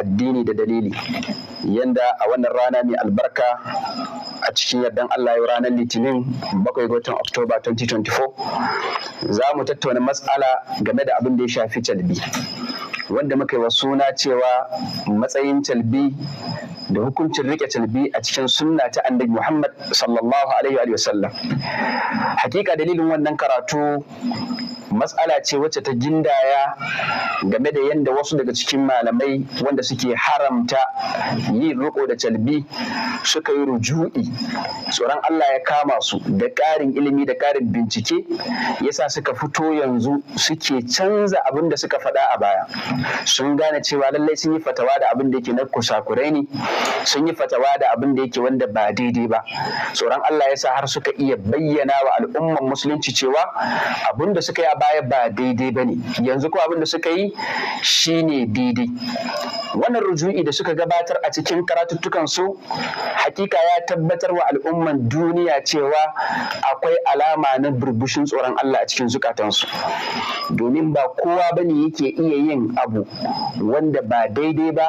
addini da dalili yanda a wannan rana mai albarka a cikin yardan Allah ya ranar litinin bakwai ga watan oktoba 2024 za mu tattauna matsala game da abin da ya shafi calbi Wanda muka yi wa suna cewa matsayin calbi da hukuncin rike calbi a cikin sunna ta annabi Muhammad sallallahu alaihi wa sallam hakika dalilin wannan karatu matsala ce wacce ta gindaya game da yadda wasu daga cikin malamai wanda suke haramta yin riko da calbi suka yi ruju'i tsoron Allah ya kama su da ƙarin ilimi da ƙarin bincike yasa suka fito yanzu suke canza abin da suka faɗa a baya sun gane cewa lallai sun yi fatawa da abin da yake na kusakurai ne sun yi fatawa da abin da yake wanda ba daidai ba tsoron Allah ya sa har suka iya bayyana wa al'umman musulunci cewa abin da suka yi a baya ba daidai ba ne yanzu ko abin da suka yi shi ne daidai wannan ruju'i da suka gabatar a cikin karatuttukan su hakika ya tabbatar wa al'umman duniya cewa akwai alama na burbushin tsoron Allah a cikin zukatansu domin ba kowa bane yake iya yin abu wanda ba daidai ba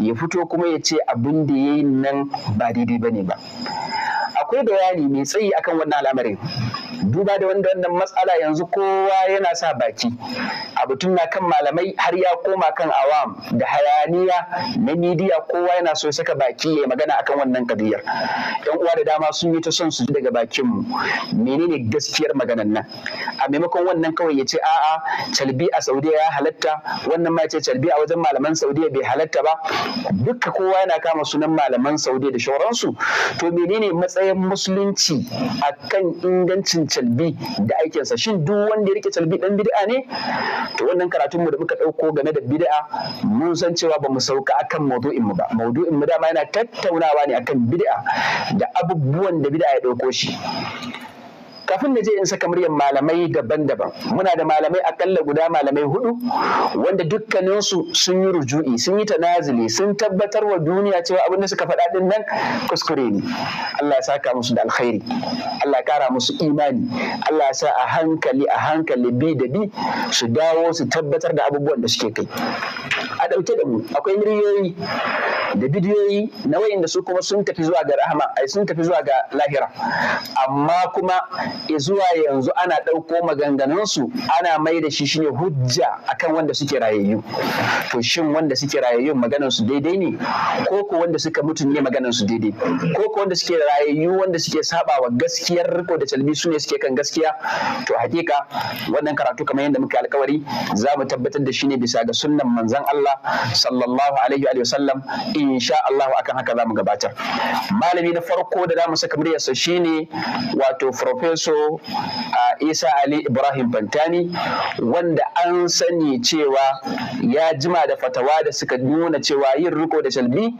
ya fito kuma ya ce abin da ya yi nan ba daidai ba ne ba akwai bayani mai tsayi akan wannan al'amarin duba da wanda wannan matsala yanzu kowa yana sa baki abutun na kan malamai har ya koma kan awam da hayaniya na midiya kowa yana so saka baki ya magana akan wannan kadiyar yan uwa da dama sun yi ta son su ji daga bakin mu menene gaskiyar maganan nan a maimakon wannan kawai ya ce a'a calbi a saudiya ya halatta wannan ba ce calbi a wajen malaman saudiya bai halatta ba duka kowa yana kama sunan malaman saudiya da shauransu to menene matsayin musulunci akan ingancin calbi da aikinsa shin duk wanda ya rike calbi dan bid'a ne to wannan karatunmu da muka ɗauko game da bid'a mun san cewa ba mu sauka akan maudu'in mu ba maudu'in mu dama yana tattaunawa ne akan bid'a da abubuwan da bid'a ya ɗauko shi kafin na je in saka muryar malamai daban-daban muna da malamai akalla guda malamai hudu wanda dukkaninsu sun yi ruju'i sun yi tanazili sun tabbatar wa duniya cewa abin da suka faɗa din nan kuskure ne Allah ya saka musu da alkhairi Allah ya kara musu imani Allah ya sa a hankali a hankali bi da bi su dawo su tabbatar da abubuwan da suke kai a ɗauke da mu akwai miliyoyi da bidiyoyi na wayanda su kuma sun tafi zuwa ga rahama ai sun tafi zuwa ga lahira amma kuma zuwa yanzu ana ɗauko maganganunsu ana mai da shi shine hujja akan wanda suke rayayyu to shin wanda suke rayayyun maganarsu daidai ne ko ko wanda suka mutu ne maganarsu daidai ko ko wanda suke rayayyu wanda suke saba wa gaskiyar riko da talbi su ne suke kan gaskiya to hakika wannan karatu kamar yadda muka alkawari za mu tabbatar da shi ne bisa ga sunnan manzon Allah sallallahu alaihi wa sallam insha Allah akan haka za mu gabatar malami na farko da za mu saka muryarsa shine wato professor Fansho a Isa Ali Ibrahim Bantani wanda an sani cewa ya jima da fatawa da suka nuna cewa yin riko da shalbi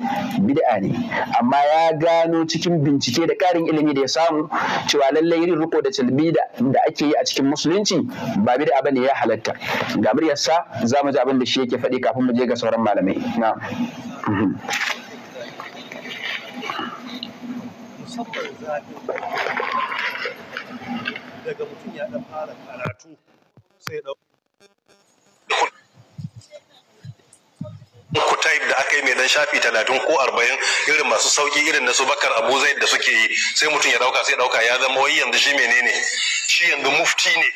bid'a ne amma ya gano cikin bincike da ƙarin ilimi da ya samu cewa lallai yin riko da shalbi da ake yi a cikin musulunci ba bid'a bane ya halatta ga muryarsa za mu ji abin da shi yake faɗi kafin mu je ga sauran malamai na'am daga mutum ya ɗan fara karatu sai ɗau. type da aka yi mai dan shafi talatin ko arba'in irin masu sauki irin na su bakar abu zai da suke yi sai mutum ya dauka sai dauka ya zama wai yanzu shi menene shi yanzu mufti ne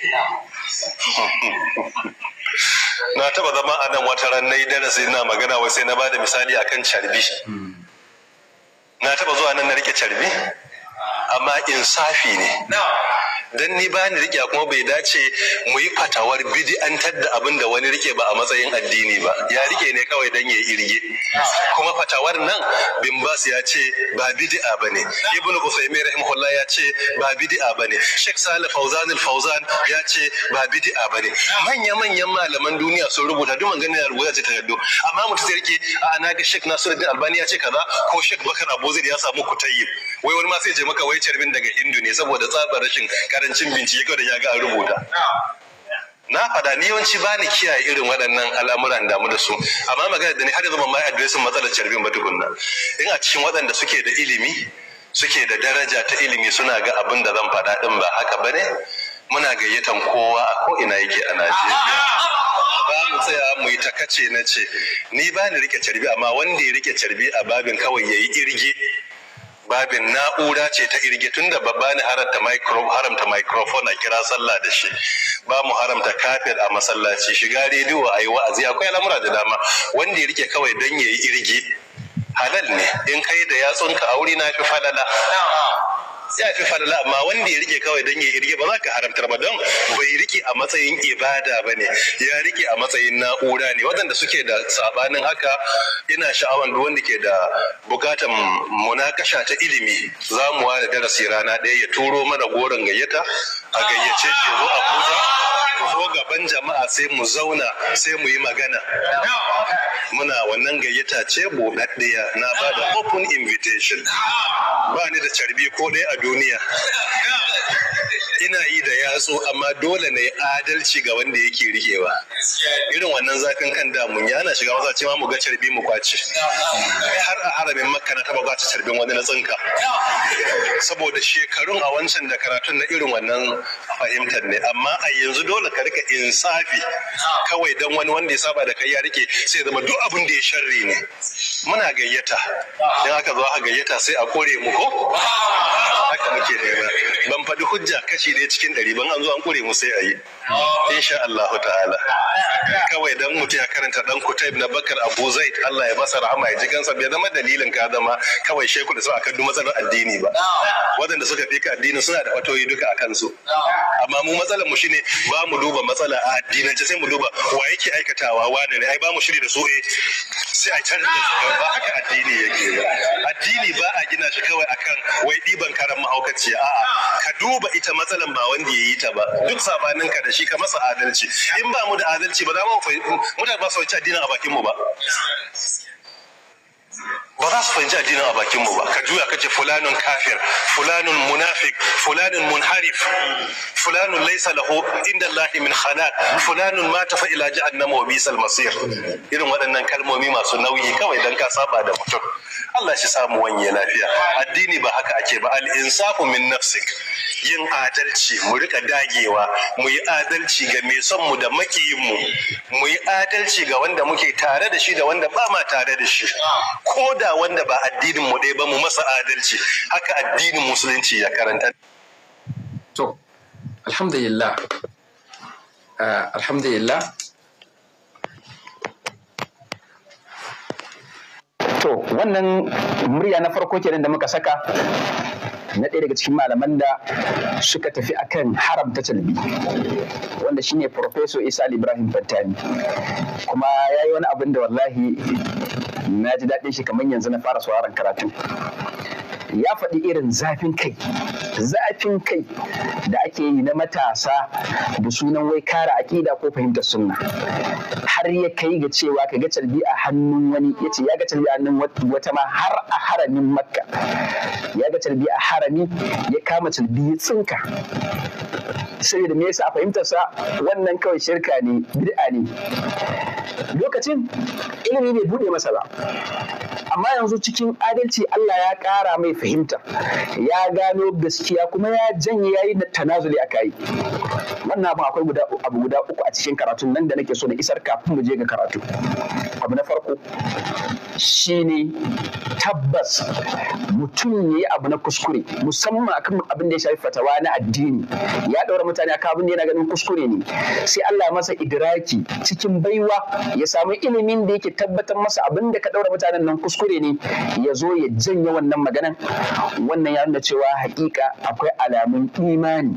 na taba zama a nan wata ran nayi darasi na magana wai sai na bada misali akan carbi na taba zuwa nan na rike carbi amma insafi ne don ni ba ni rike kuma bai dace mu yi fatawar bid'antar da abin da wani rike ba a matsayin addini ba ya rike ne kawai don ya irge kuma fatawar nan bin bas ya ce ba bid'a bane ibnu usaimi rahimahullah ya ce ba bid'a bane sheikh salih fawzan al fawzan ya ce ba bid'a bane manya manyan malaman duniya sun rubuta duk maganar da rubuta ta yaddo amma mutum sai rike a'a na ga sheikh nasiruddin albani ya ce kaza ko sheikh bakar abuzir ya samu kutayyib wai wani ma sai maka wai carbin daga hindu ne saboda tsabar rashin karancin bincike kawai da ya ga rubuta na faɗa ni yawanci ba ni kiyaye irin waɗannan al'amuran damu da su amma magana da ni har yanzu ban ma adiresin matsalar carbin ba tukunna in a cikin waɗanda suke da ilimi suke da daraja ta ilimi suna ga abin da zan faɗa ɗin ba haka bane muna gayyatan kowa a ko ina yake a Najeriya ba mu tsaya mu yi takace na ce ni ba ni rike carbi amma wanda ya rike carbi a babin kawai ya yi irge babin na'ura ce ta irge tun da babba ne haramta microphone a kira sallah da shi ba mu haramta kafir a masallaci shiga rediyo a yi wa'azi akwai al'amura da dama wanda ya rike kawai don ya yi irge halal ne in kai da yatsunka a wuri na fi falala ya fi fadala amma wanda ya rike kawai don ya rike ba za ka haramtar ba don bai rike a matsayin ibada ba ne ya rike a matsayin na'ura ne waɗanda suke da sabanin haka ina sha'awar duk wanda ke da bukatar munakasha ta ilimi za mu ware darasi rana ɗaya ya turo mana goron gayyata a gayyace ke zo abuja zo gaban jama'a sai mu zauna sai mu yi magana muna wannan gayyata ce buɗaɗɗiya na bada open invitation ba ni da carbi ko ɗaya a duniya da ya yatsu amma dole na adalci ga wanda yake rikewa irin wannan zafin kan damun ya na shiga wasa cewa mu ga carbi mu kwace har a haramin makka na taba kwace carbin wani na tsinka saboda shekarun a wancan da karatun na irin wannan fahimtar ne amma a yanzu dole ka rika insafi kawai dan wani wanda ya saba da kai ya rike sai zama duk abin da ya sharri ne muna gayyata in aka zo aka gayyata sai a kore mu ko haka muke nema ban faɗi hujja kashi ɗaya cikin ɗari ban an zo an kore mu sai a yi insha Allah ta'ala kawai dan mutum ya karanta dan kutayb na bakar abu zaid Allah ya masa rahama ya ji kansa bai zama dalilin ka zama kawai sheku da su a duk matsalar addini ba Wadanda suka fi ka addini suna da fatoyi duka a kansu. amma mu matsalar mu shine ba mu duba matsala a addinance sai mu duba wa yake aikatawa wane ne ai ba mu shiri da su eh sai a canza su ba haka addini yake ba addini ba a gina shi kawai akan wai ɗiban karan mahaukaci a'a ka duba ita matsalan ba wanda ya yi ta ba duk sabanin ka da shi ka masa adalci in ba mu da adalci ba za mu mutane ba sauci addinin a bakin mu ba ba za su fahimci addinin a bakin mu ba ka juya ka ce fulanun kafir fulanun munafik fulanun munharif fulanun laisa lahu inda Allahi min khalaq fulanun ma tafa ila jahannam wa bisal masir irin waɗannan kalmomi masu nauyi kawai dan ka saba da mutum Allah shi samu wanye lafiya addini ba haka ake ba al insafu min nafsik yin adalci mu rika dagewa mu yi adalci ga mai son mu da makiyin mu mu yi adalci ga wanda muke tare da shi da wanda ba ma tare da shi ko da da wanda ba addinin mu ɗaya ba mu masa adalci haka addinin musulunci ya karanta to alhamdulillah uh, alhamdulillah to wannan murya na farko kenan da muka saka na ɗaya daga cikin malaman da suka tafi akan haramta talbi wanda shine Profeso Isa Ibrahim fattani kuma ya yi wani abin da wallahi na ji daɗin shi kamar yanzu na fara sauraron karatu. ya faɗi irin zafin kai za zafin kai da ake yi na matasa da sunan wai kara aƙida ko fahimtar sunna har ya kai ga cewa ka ga calbi a hannun wani ya ce ya ga calbi a hannun wata ma har a haramin makka ya ga calbi a harami ya kama calbi ya tsinka saboda me yasa a fahimtarsa wannan kawai shirka ne bid'a ne lokacin ilimi ne bude masa ba amma yanzu cikin adalci Allah ya ƙara mai fahimta ya gano gaskiya kuma ya janye yayi da tanazuli aka yi wannan abin akwai guda abu guda uku a cikin karatun nan da nake so na isar kafin mu je ga karatu abu na farko shine tabbas mutum ne abu na kuskure musamman akan abin da ya shafi fatawa na addini ya ɗaura mutane akan abin da yana ganin kuskure ne sai Allah masa idiraki cikin baiwa ya samu ilimin da yake tabbatar masa abin da ka ɗaura mutanen nan kuskure ne ya zo ya janye wannan maganan wannan ya nuna cewa hakika akwai akwai alamun imani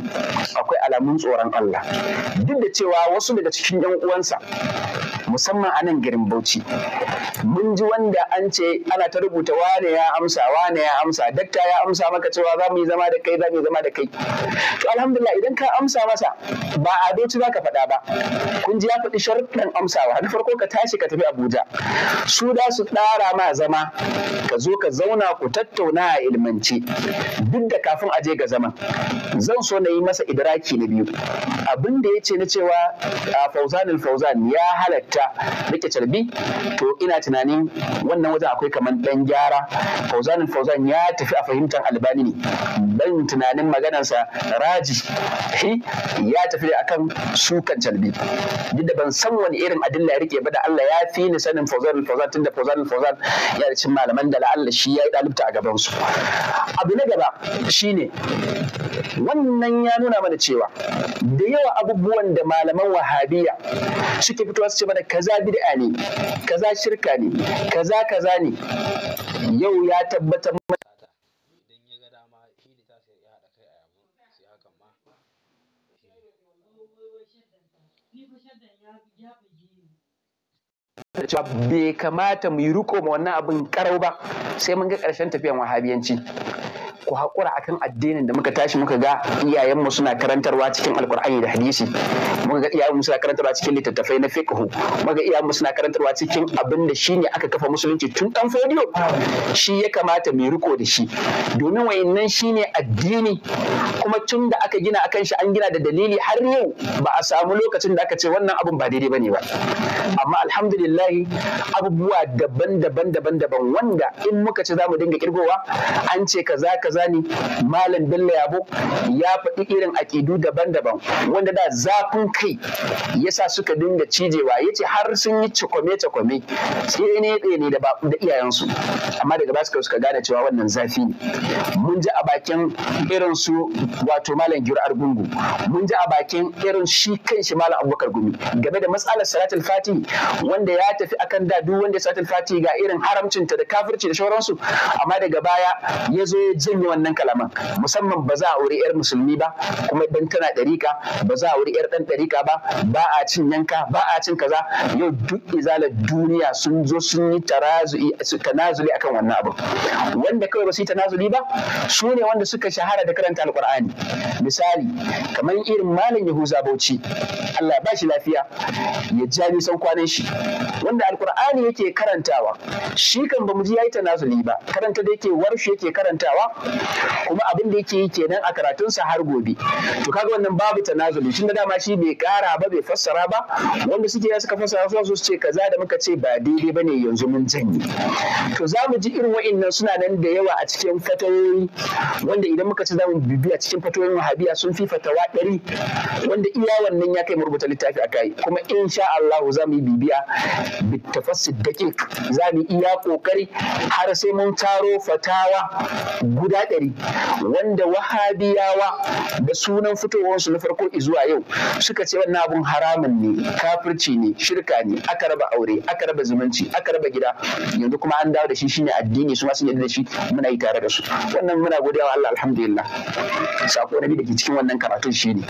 akwai alamun tsoron Allah duk da cewa wasu daga cikin yan uwansa musamman anan nan garin Bauchi mun ji wanda an ce ana ta rubuta wane ya amsa wane ya amsa dakta ya amsa maka cewa za mu yi zama da kai za mu yi zama da kai to alhamdulillah idan ka amsa masa ba a doci za ka faɗa ba kun ji ya faɗi sharuɗin amsawa na farko ka tashi ka tafi Abuja su da su ɗara ma zama ka zo ka zauna ku tattauna a ilmance duk da kafin a je ga zama zama zan so na yi masa idraki na biyu abin da ya ce na cewa a fauzanin fauzan ya halatta rike carbi to ina tunanin wannan wajen akwai kamar dan gyara fauzanin fauzan ya tafi a fahimtar albani ne ban tunanin maganarsa raji ya tafi da akan sukan carbi duk da ban san wani irin adilla ya rike ba da Allah ya fi ni sanin fauzanin fauzan tunda fauzanin fauzan ya da cin malaman da la'alla shi ya yi dalibta a gabansu abu na gaba shine wannan ya nuna mana cewa da yawa abubuwan da malaman wahabiya suke fitowa su ce mana kaza bid'a ne kaza shirka ne kaza kaza ne yau ya tabbatar mana cewa bai kamata mu yi riko ma wannan abin karau ba sai mun ga ƙarshen tafiyan wahabiyanci ku haƙura akan addinin da muka tashi muka ga iyayenmu suna karantarwa cikin alkur'ani da hadisi muka ga iyayenmu suna karantarwa cikin littattafai na fiqhu muka ga iyayenmu suna karantarwa cikin abin da shine aka kafa musulunci tun dan fodiyo shi ya kamata mu riko da shi domin wayannan shine addini kuma tun da aka gina akan shi an gina da dalili har yau ba a samu lokacin da aka ce wannan abun ba daidai bane ba amma alhamdulillah abubuwa daban-daban daban-daban wanda in muka ce za mu dinga kirgowa an ce kaza kaza Barzani Malam Bello Yabo ya faɗi irin aƙidu daban-daban wanda da zafin kai yasa suka dinga cijewa ya ce har sun yi cakwame-cakwame sai ne ne da iyayensu amma daga ba suka gane cewa wannan zafi ne mun ji a bakin irin su wato Malam Giro Argungu mun ji a bakin irin shi kan shi Malam Abubakar Gumi game da matsalar Salatul Fati wanda ya tafi akan da duk wanda Salatul Fati ga irin haramcinta da kafirci da sauransu amma daga baya ya zo ya janye wannan kalaman musamman ba za a wuri yar musulmi ba kuma dan tana ɗarika ba za a wuri yar ɗan ɗarika ba ba a cin yanka ba a cin kaza yau duk izalar duniya sun zo sun yi tarazu'i tanazuli akan wannan abu wanda kawai ba su yi tanazuli ba su ne wanda suka shahara da karanta alqur'ani misali kamar irin malam yahuza bauchi Allah ya bashi lafiya ya ja nisan kwanan shi wanda alqur'ani yake karantawa shi kan ba mu ji yayi tanazuli ba karanta da yake warshe yake karantawa kuma abin da yake yi kenan a karatun sa har gobe to kaga wannan babu tanazuli da dama shi bai kara ba bai fassara ba wanda suke ya suka fassara su su ce kaza da muka ce ba daidai bane yanzu mun janye to zamu ji irin wa'annan suna nan da yawa a cikin fatawoyi wanda idan muka ci zamu bibiya cikin fatawoyin wahabiya sun fi fatawa ɗari wanda iya wannan ya kai mu rubuta littafi akai kuma insha Allah za mu yi bibiya bitafassid daƙiƙ za mu iya kokari har sai mun taro fatawa guda ɗari wanda wahabiyawa da sunan fitowarsu na farko zuwa yau suka ce wannan abun haramun ne kafirci ne shirka ne aka raba aure aka raba zumunci aka raba gida yanzu kuma an dawo da shi shine addini su ma sun yarda da shi muna yi tare da su wannan muna godiya wa Allah alhamdulillah sako na da ke cikin wannan karatun shine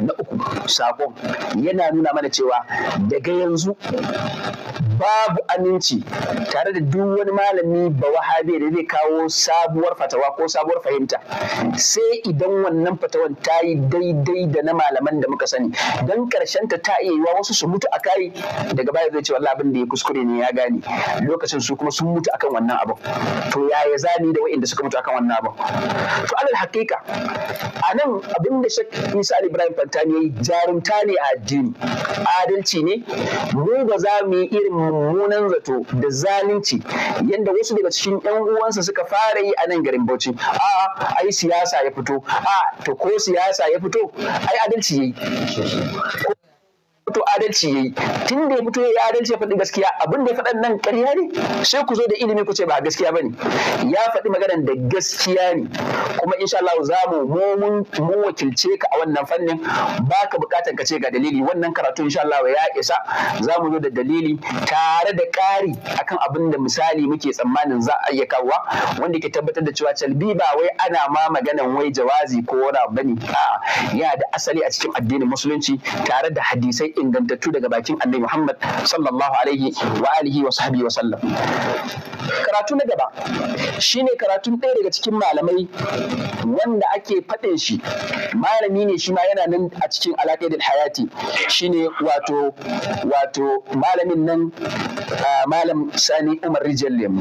na uku sako yana nuna mana cewa daga yanzu babu aminci tare da duk wani malami ba wahabi da zai kawo sabuwar fatawa ko sabuwar fahimta sai idan wannan fatawan ta yi daidai da na malaman da muka sani don karshen ta ta iya yiwa wasu su mutu a kai daga baya zai ce wallahi abin da ya kuskure ne ya gane lokacin su kuma sun mutu akan wannan abu to ya yaya zani da wa'inda suka mutu akan wannan abu to alal hakika a nan abin da shek isa ibrahim fantani ya yi jarumta ne a addini adalci ne mu ba za mu yi irin mummunan zato da zalunci yadda wasu daga cikin yan uwansa suka fara yi a nan garin Bauchi a ai siyasa ya fito a to ko siyasa ya fito ai adalci yayi ko fito adalci yayi tun da ya fito yi adalci ya faɗi gaskiya abin da ya faɗan nan ƙarya ne sai ku zo da ilimi ku ce ba gaskiya ba ne. ya faɗi maganan da gaskiya ne kuma insha Allah za mu mu wakilce ka a wannan fannin baka buƙatar ka ce ga dalili wannan karatu insha Allah ya isa za mu zo da dalili tare da ƙari akan abin da misali muke tsammanin za a iya kawo wanda ke tabbatar da cewa calbi ba wai ana ma maganan wai jawazi ko wani bane a'a yana da asali a cikin addinin musulunci tare da hadisai ingantattu daga bakin annabi Muhammad sallallahu alaihi wa alihi wa sahbihi wa sallam karatu na gaba shine karatun ɗaya daga cikin malamai wanda ake faɗin shi malami ne shi ma yana nan a cikin alaƙaidil hayati shine wato wato malamin nan malam sani umar rijallem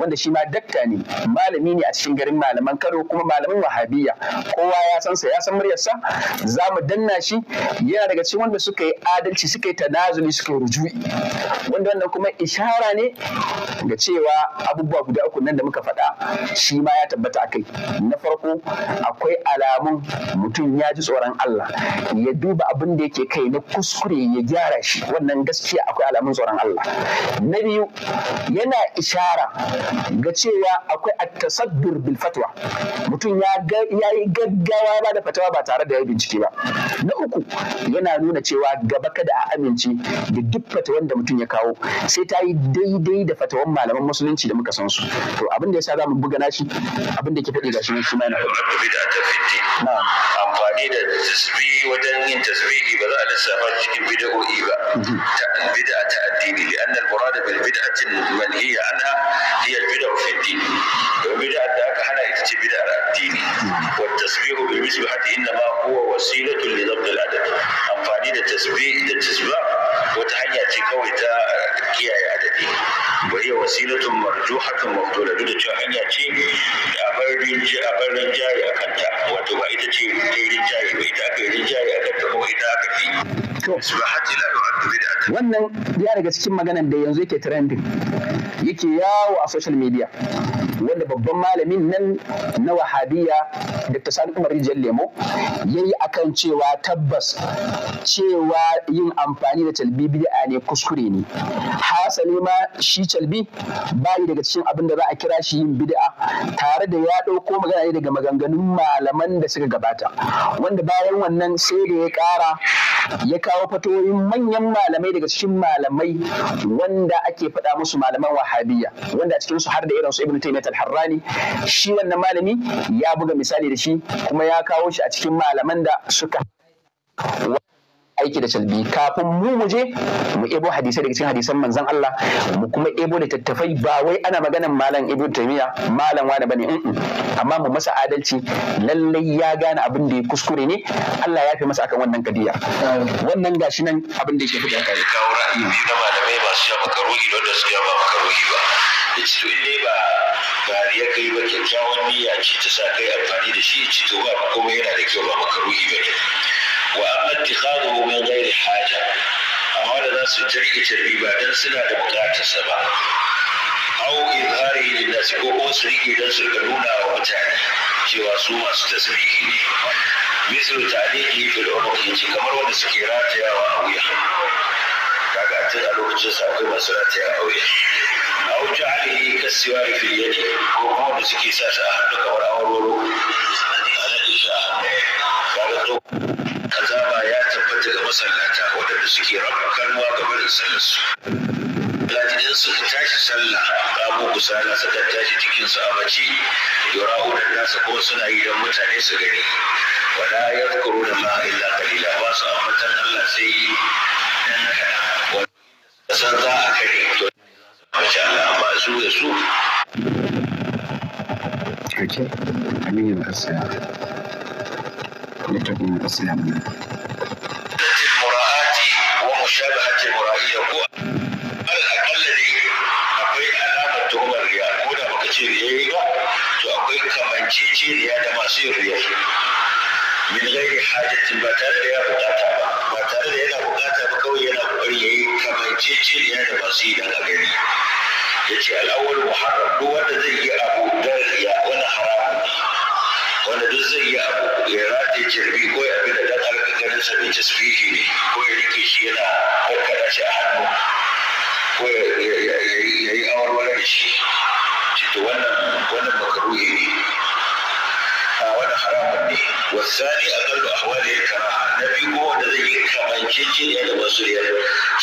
wanda shi ma dakta ne malami ne a cikin garin malaman kano kuma malamin wahabiya kowa ya san sa ya san muryarsa za mu danna shi yana daga cikin wanda suka yi adalci suka yi tanazuli suka yi rujui wanda wannan kuma ishara ne ga cewa abubuwa guda uku nan da muka faɗa shi ma ya tabbata akai na farko akwai alamun mutum ya ji tsoron Allah ya duba abin da yake kai na kuskure ya gyara shi wannan gaskiya akwai alamun tsoron Allah na biyu yana ishara ga cewa akwai at-tasaddur bil fatwa mutum ya yi gaggawa ba da fatawa ba tare da ya bincike ba na uku yana nuna cewa ga gaba kada a amince da duk fatawan da mutum ya kawo sai ta yi daidai da fatawan malaman musulunci da muka san su to abin da yasa za mu buga nashi abin da ke faɗi gashi ne shi ma yana da amfani da tasbihi wajen yin tasbihi ba za a lissafa cikin bid'o'i ba mhm. bid'a ta addini li anna al-murad bil bid'ati manhiya anha hiya al fi din bid'a da aka hana ita ce bid'a addini mhm. wa tasbihu bil misbahati inma huwa wasilatu li dhabt al-adad tasbi da tisba wata hanya ce kawai ta kiyaye adadi wa hiya wasilatun marjuhatun maqdula duk da cewa hanya ce da abar rinji abar rinjaye jari a kanta wato ba ita ce barin jari ba ita aka yi jari a kanta ba ita aka fi wannan ya daga cikin maganan da yanzu yake trending yake yawo a social media wanda babban malamin nan na wahabiya ta sani umar rijiyar lemo ya yi akan cewa tabbas cewa yin amfani da calbi bid'a ne kuskure ne hasali ma shi calbi bayi daga cikin abin da za a kira shi yin bida'a. tare da ya ɗauko magana ne daga maganganun malaman da suka gabata wanda bayan wannan sai da ya ƙara ya kawo fatoyin manyan malamai daga cikin malamai wanda ake faɗa musu malaman wahabiya wanda a cikinsu har da irin su ibn taymiyyah al-harrani shi wannan malami ya buga misali da shi kuma ya kawo shi a cikin malaman da suka aiki da shalbi kafin mu muje mu ebo hadisai daga cikin hadisan manzon Allah mu kuma ebo da tattafai ba wai ana maganan malam ibnu taymiya malam wani bane amma mu masa adalci lallai ya gane abin da ya kuskure ne Allah ya fi masa akan wannan kadiya wannan gashi nan abin da yake fitar da kawo ra'ayi biyu na malamai masu ya don da su ya ba ruhi ba yace to ne ba gari kai ba kyakkyawan niyya ce ta sa kai amfani da shi ci to ba komai yana da kyau ba makaruhi ba ne واما اتخاذه من غير حاجه اولا الناس تعيش الربا دان سنا لبقات السبع او اظهاره للناس او اسريك دان سرقلونا او بتاني شوى سوما ستسريك مثل تعليقه في الامر يجي كمر ونسكيرات يا واوية كاكات الالوك جسا وكما سرات يا واوية او جعله كالسوار في اليد او نسكي ساسا اهلك ولا اولو Thank you. azaba ya tabbata ga masallata waɗanda suke raba kanuwa ga barin sallar su lakin tashi sallah kusa kusala suka tashi jikinsu a mace yura'u da nasa ko suna yi don mutane su gani wala yadhkuruna ma illa qalila ba su ambatan Allah sai yi dan kaɗan san za a kare to masha Allah ba su da su Okay, I mean, that's it. لتكون اسلاما المراءة ومشابهة المرائية هو الأقل الذي أقوي علامة تهم الرياء هنا مكتير يهيبا تأقوي كمان تيجي tare da ya yana bukata ba yana yayi kamanceceniya da masu yace al-awwal muharram duk wanda zai yi abu dan riya wani haramun wanda duk zai yi abu ya rataye kirbi ko ya abin da ɗan arka ganin sa mai tasbihi ne ko ya rike shi yana karkada shi a hannu ko ya yi awarware da shi to wannan wannan makaruhi ne a wannan haramun ne wasani a kallo a wani ya kama na biyu ko wanda zai yi kamanceceniya da masu riyar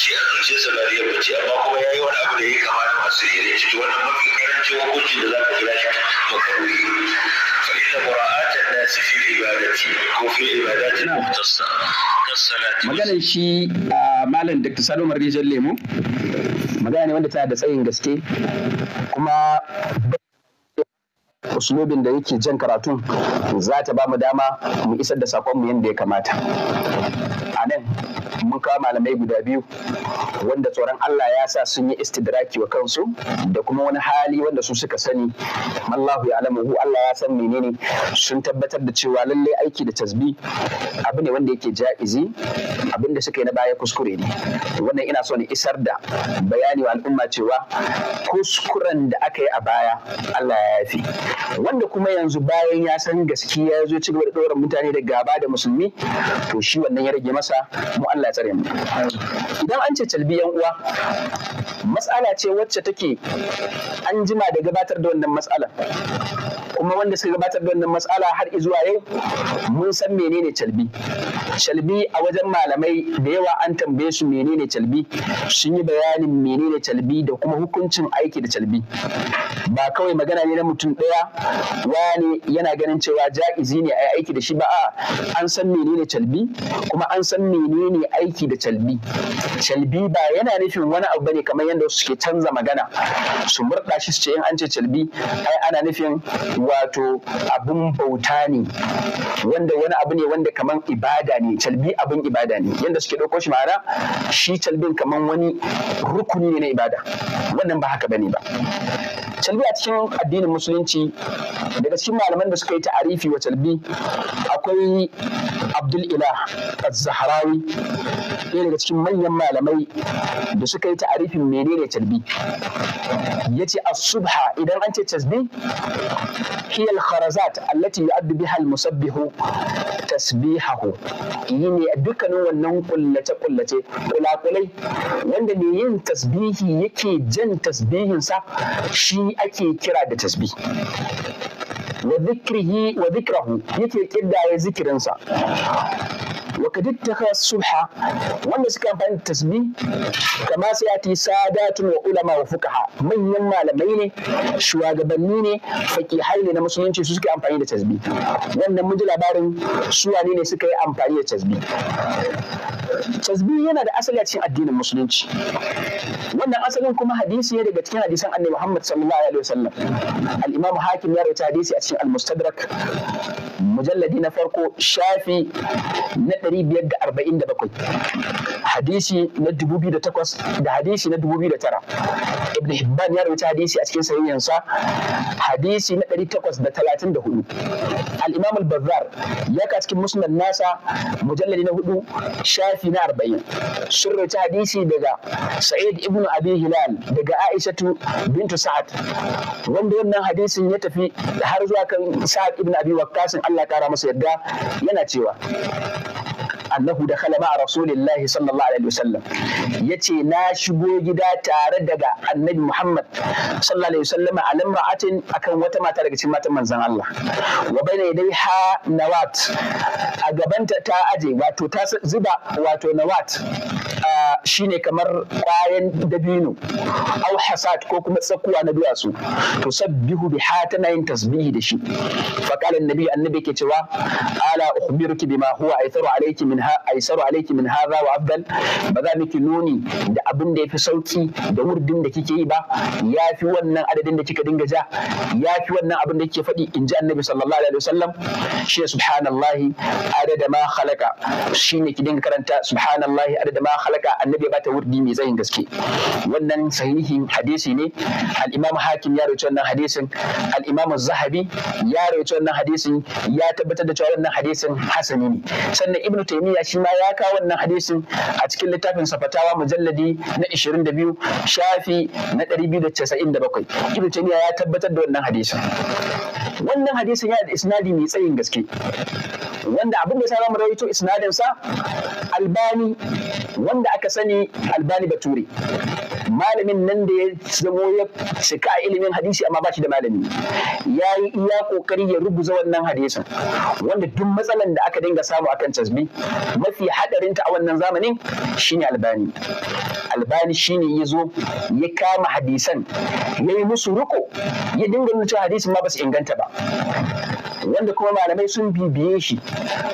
shi a zuciyarsa ba riyar ba ce amma kuma ya yi wani abu da ya kama da masu riyar ya ce wannan mafi karancin hukuncin da za ka kira shi makaruhi maganin shi a ah, malam dr salo marijan Lemu. magana ne wanda tana da tsayin gaske kuma usulubin da yake jan karatun za ta ba mu dama mu isar da sakonmu yadda ya kamata anan mun kawo malamai guda biyu wanda tsoron Allah ya sa sun yi istidraki wa kansu da kuma wani hali wanda su suka sani mallahu ya alamu Allah ya san menene sun tabbatar da cewa lalle aiki da tasbi abu ne wanda yake ja'izi abin da suka yi na baya kuskure ne wannan ina so ni isar da bayani wa al'umma cewa kuskuren da aka yi a baya Allah ya yafi wanda kuma yanzu bayan ya san gaskiya ya zo ci gaba da mutane da gaba da musulmi to shi wannan ya rage masa mu Allah tsare mu idan an ce calbi yan uwa matsala ce wacce take an jima da gabatar da wannan matsala kuma wanda suka gabatar da wannan matsala har izuwa yau mun san menene calbi calbi a wajen malamai da yawa an tambaye su menene calbi sun yi bayanin menene calbi da kuma hukuncin aiki da calbi ba kawai magana ne na mutum ɗaya wani yana ganin cewa ja'izi ne a yi aiki da shi ba a an san menene calbi kuma an san menene aiki da calbi calbi ba yana nufin wani abu bane kamar yadda suke canza magana su murɗa shi su ce in an ce calbi ai ana nufin wato abun bauta ne wanda wani abu ne wanda kamar ibada ne calbi abun ibada ne yadda suke ɗauko shi ma'ana shi calbin kamar wani rukuni ne na ibada wannan ba haka bane ba calbi a cikin addinin musulunci daga cikin malaman da suka yi ta'arifi wa calbi akwai abdul ilah az-zahrawi ɗaya daga cikin manyan malamai da suka yi ta'arifin menene ya yace a subha idan an ce tasbih hiya kharazat allati yu'addu biha al-musabbihu tasbihahu a dukkanin wannan kullace kullace kulakulai wanda ne yin tasbihi yake jan sa shi ake kira da tasbi wa zikrihi wa zikrahu yake kiddaye zikirinsa wa kadittaka sulha wanda suka amfani da tasbi kama sai ati sadatun wa ulama wa fuqaha manyan malamai ne shugabanni ne fakihai ne na musulunci su suka amfani da tasbi wannan mun ji labarin su ne suka yi amfani da tasbi tasbi yana da asali a cikin addinin musulunci wannan asalin kuma hadisi ne daga cikin hadisan annabi Muhammad sallallahu alaihi wasallam al-Imam Hakim ya rawaita hadisi a cikin al-Mustadrak mujalladi na farko shafi na Biyar da da arba'in bakwai hadisi na dubu biyu da takwas da hadisi na dubu biyu da tara ibn hibban ya rubuta hadisi a cikin sahihansa hadisi na takwas da 834 al-imam al-bazzar ya ka cikin musnad nasa mujalladi na hudu shafi na arba'in sun rubuta hadisi daga sa'id Ibnu abi hilal daga aishatu bintu sa'ad wanda wannan hadisin ya tafi har zuwa kan sa'ad Ibnu abi waqqas Allah kara masa yadda yana cewa annahu da khala ma rasulillahi sallallahu alaihi wasallam yace na shigo gida tare daga annabi Muhammad sallallahu alaihi wasallam a lamra'atin akan wata mata daga cikin matan manzon Allah wa baina dai ha nawat a gabanta ta aje wato ta zuba wato nawat shine kamar kwayan dabino au hasat ko kuma tsakuwa na duwatsu to sabbihu bi tana yin tasbihi da shi fa kala annabi annabi ke cewa ala ukhbiruki bima huwa aitharu alayki min ha aisaru alaiki min haza wa afdal ba za miki nuni da abin da fi sauki da wurdin da kike yi ba fi wannan adadin da kika dinga ja fi wannan abin da kike faɗi in ji annabi sallallahu alaihi wasallam shi ne adada ma khalaqa shine ki dinga karanta subhanallahi adada ma khalaqa annabi ba ta wurdi mai zayin gaske wannan sahihin hadisi ne al-imam hakim ya rawaito wannan hadisin al-imam zahabi ya rawaito wannan hadisin ya tabbatar da cewa wannan hadisin hasani ne sannan ibn taymiya shi ma ya kawo wannan hadisin a cikin littafin safatawa mujalladi na 22 shafi na 297 ibn taymiya ya tabbatar da wannan hadisin wannan hadisin yana da isnadi mai tsayin gaske wanda abin da ya mu rawaito isnadin sa albani wanda aka sani albani bature malamin nan da ya zamo ya cika a ilimin hadisi amma ba shi da malami ya yi iya kokari ya rubuza wannan hadisin wanda duk matsalan da aka dinga samu akan tasbi mafi ta a wannan zamanin shine albani albani shine ya zo ya kama hadisan ya yi musu riko ya dinga nuna hadisin ma ba su inganta ba wanda kuma malamai sun bibiye shi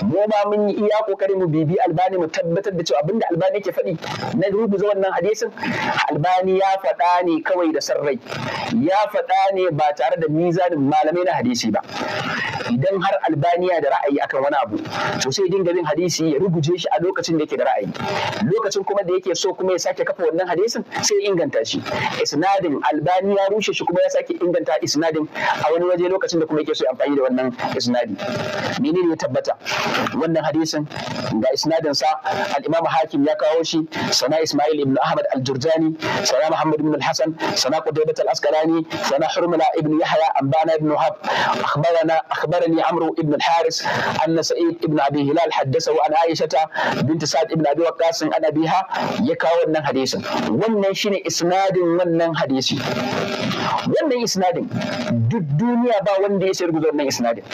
mu ma mun yi iya kokari mu bibi albani mu tabbatar da cewa abinda albani yake faɗi na rubuta wannan hadisin albani ya faɗa ne kawai da sarrai ya faɗa ne ba tare da mizanin malamai na hadisi ba idan har albani ya da ra'ayi akan wani abu to sai dinga bin hadisi ya ruguje shi a lokacin da yake da ra'ayi lokacin kuma da yake so kuma ya sake kafa wannan hadisin sai ya inganta shi isnadin albani ya rushe shi kuma ya sake inganta isnadin a wani waje lokacin da kuma yake so ya amfani da wannan isnadi menene ya tabbata wannan hadisin ga isnadin sa al-imam hakim ya kawo shi sana isma'il ibn ahmad al-jurjani sana muhammad ibn al-hasan sana qudaybat al-asqalani sana hurmala ibn yahya anbana ibn wahab akhbarana akhbarani ibn al-haris anna sa'id ibn abi Haddasa, haddathahu an aisha bint sa'd ibn abi waqqas an ya kawo wannan hadisin wannan shine isnadin wannan hadisi wannan isnadin duk duniya ba wanda ya sayar guzon wannan isnadin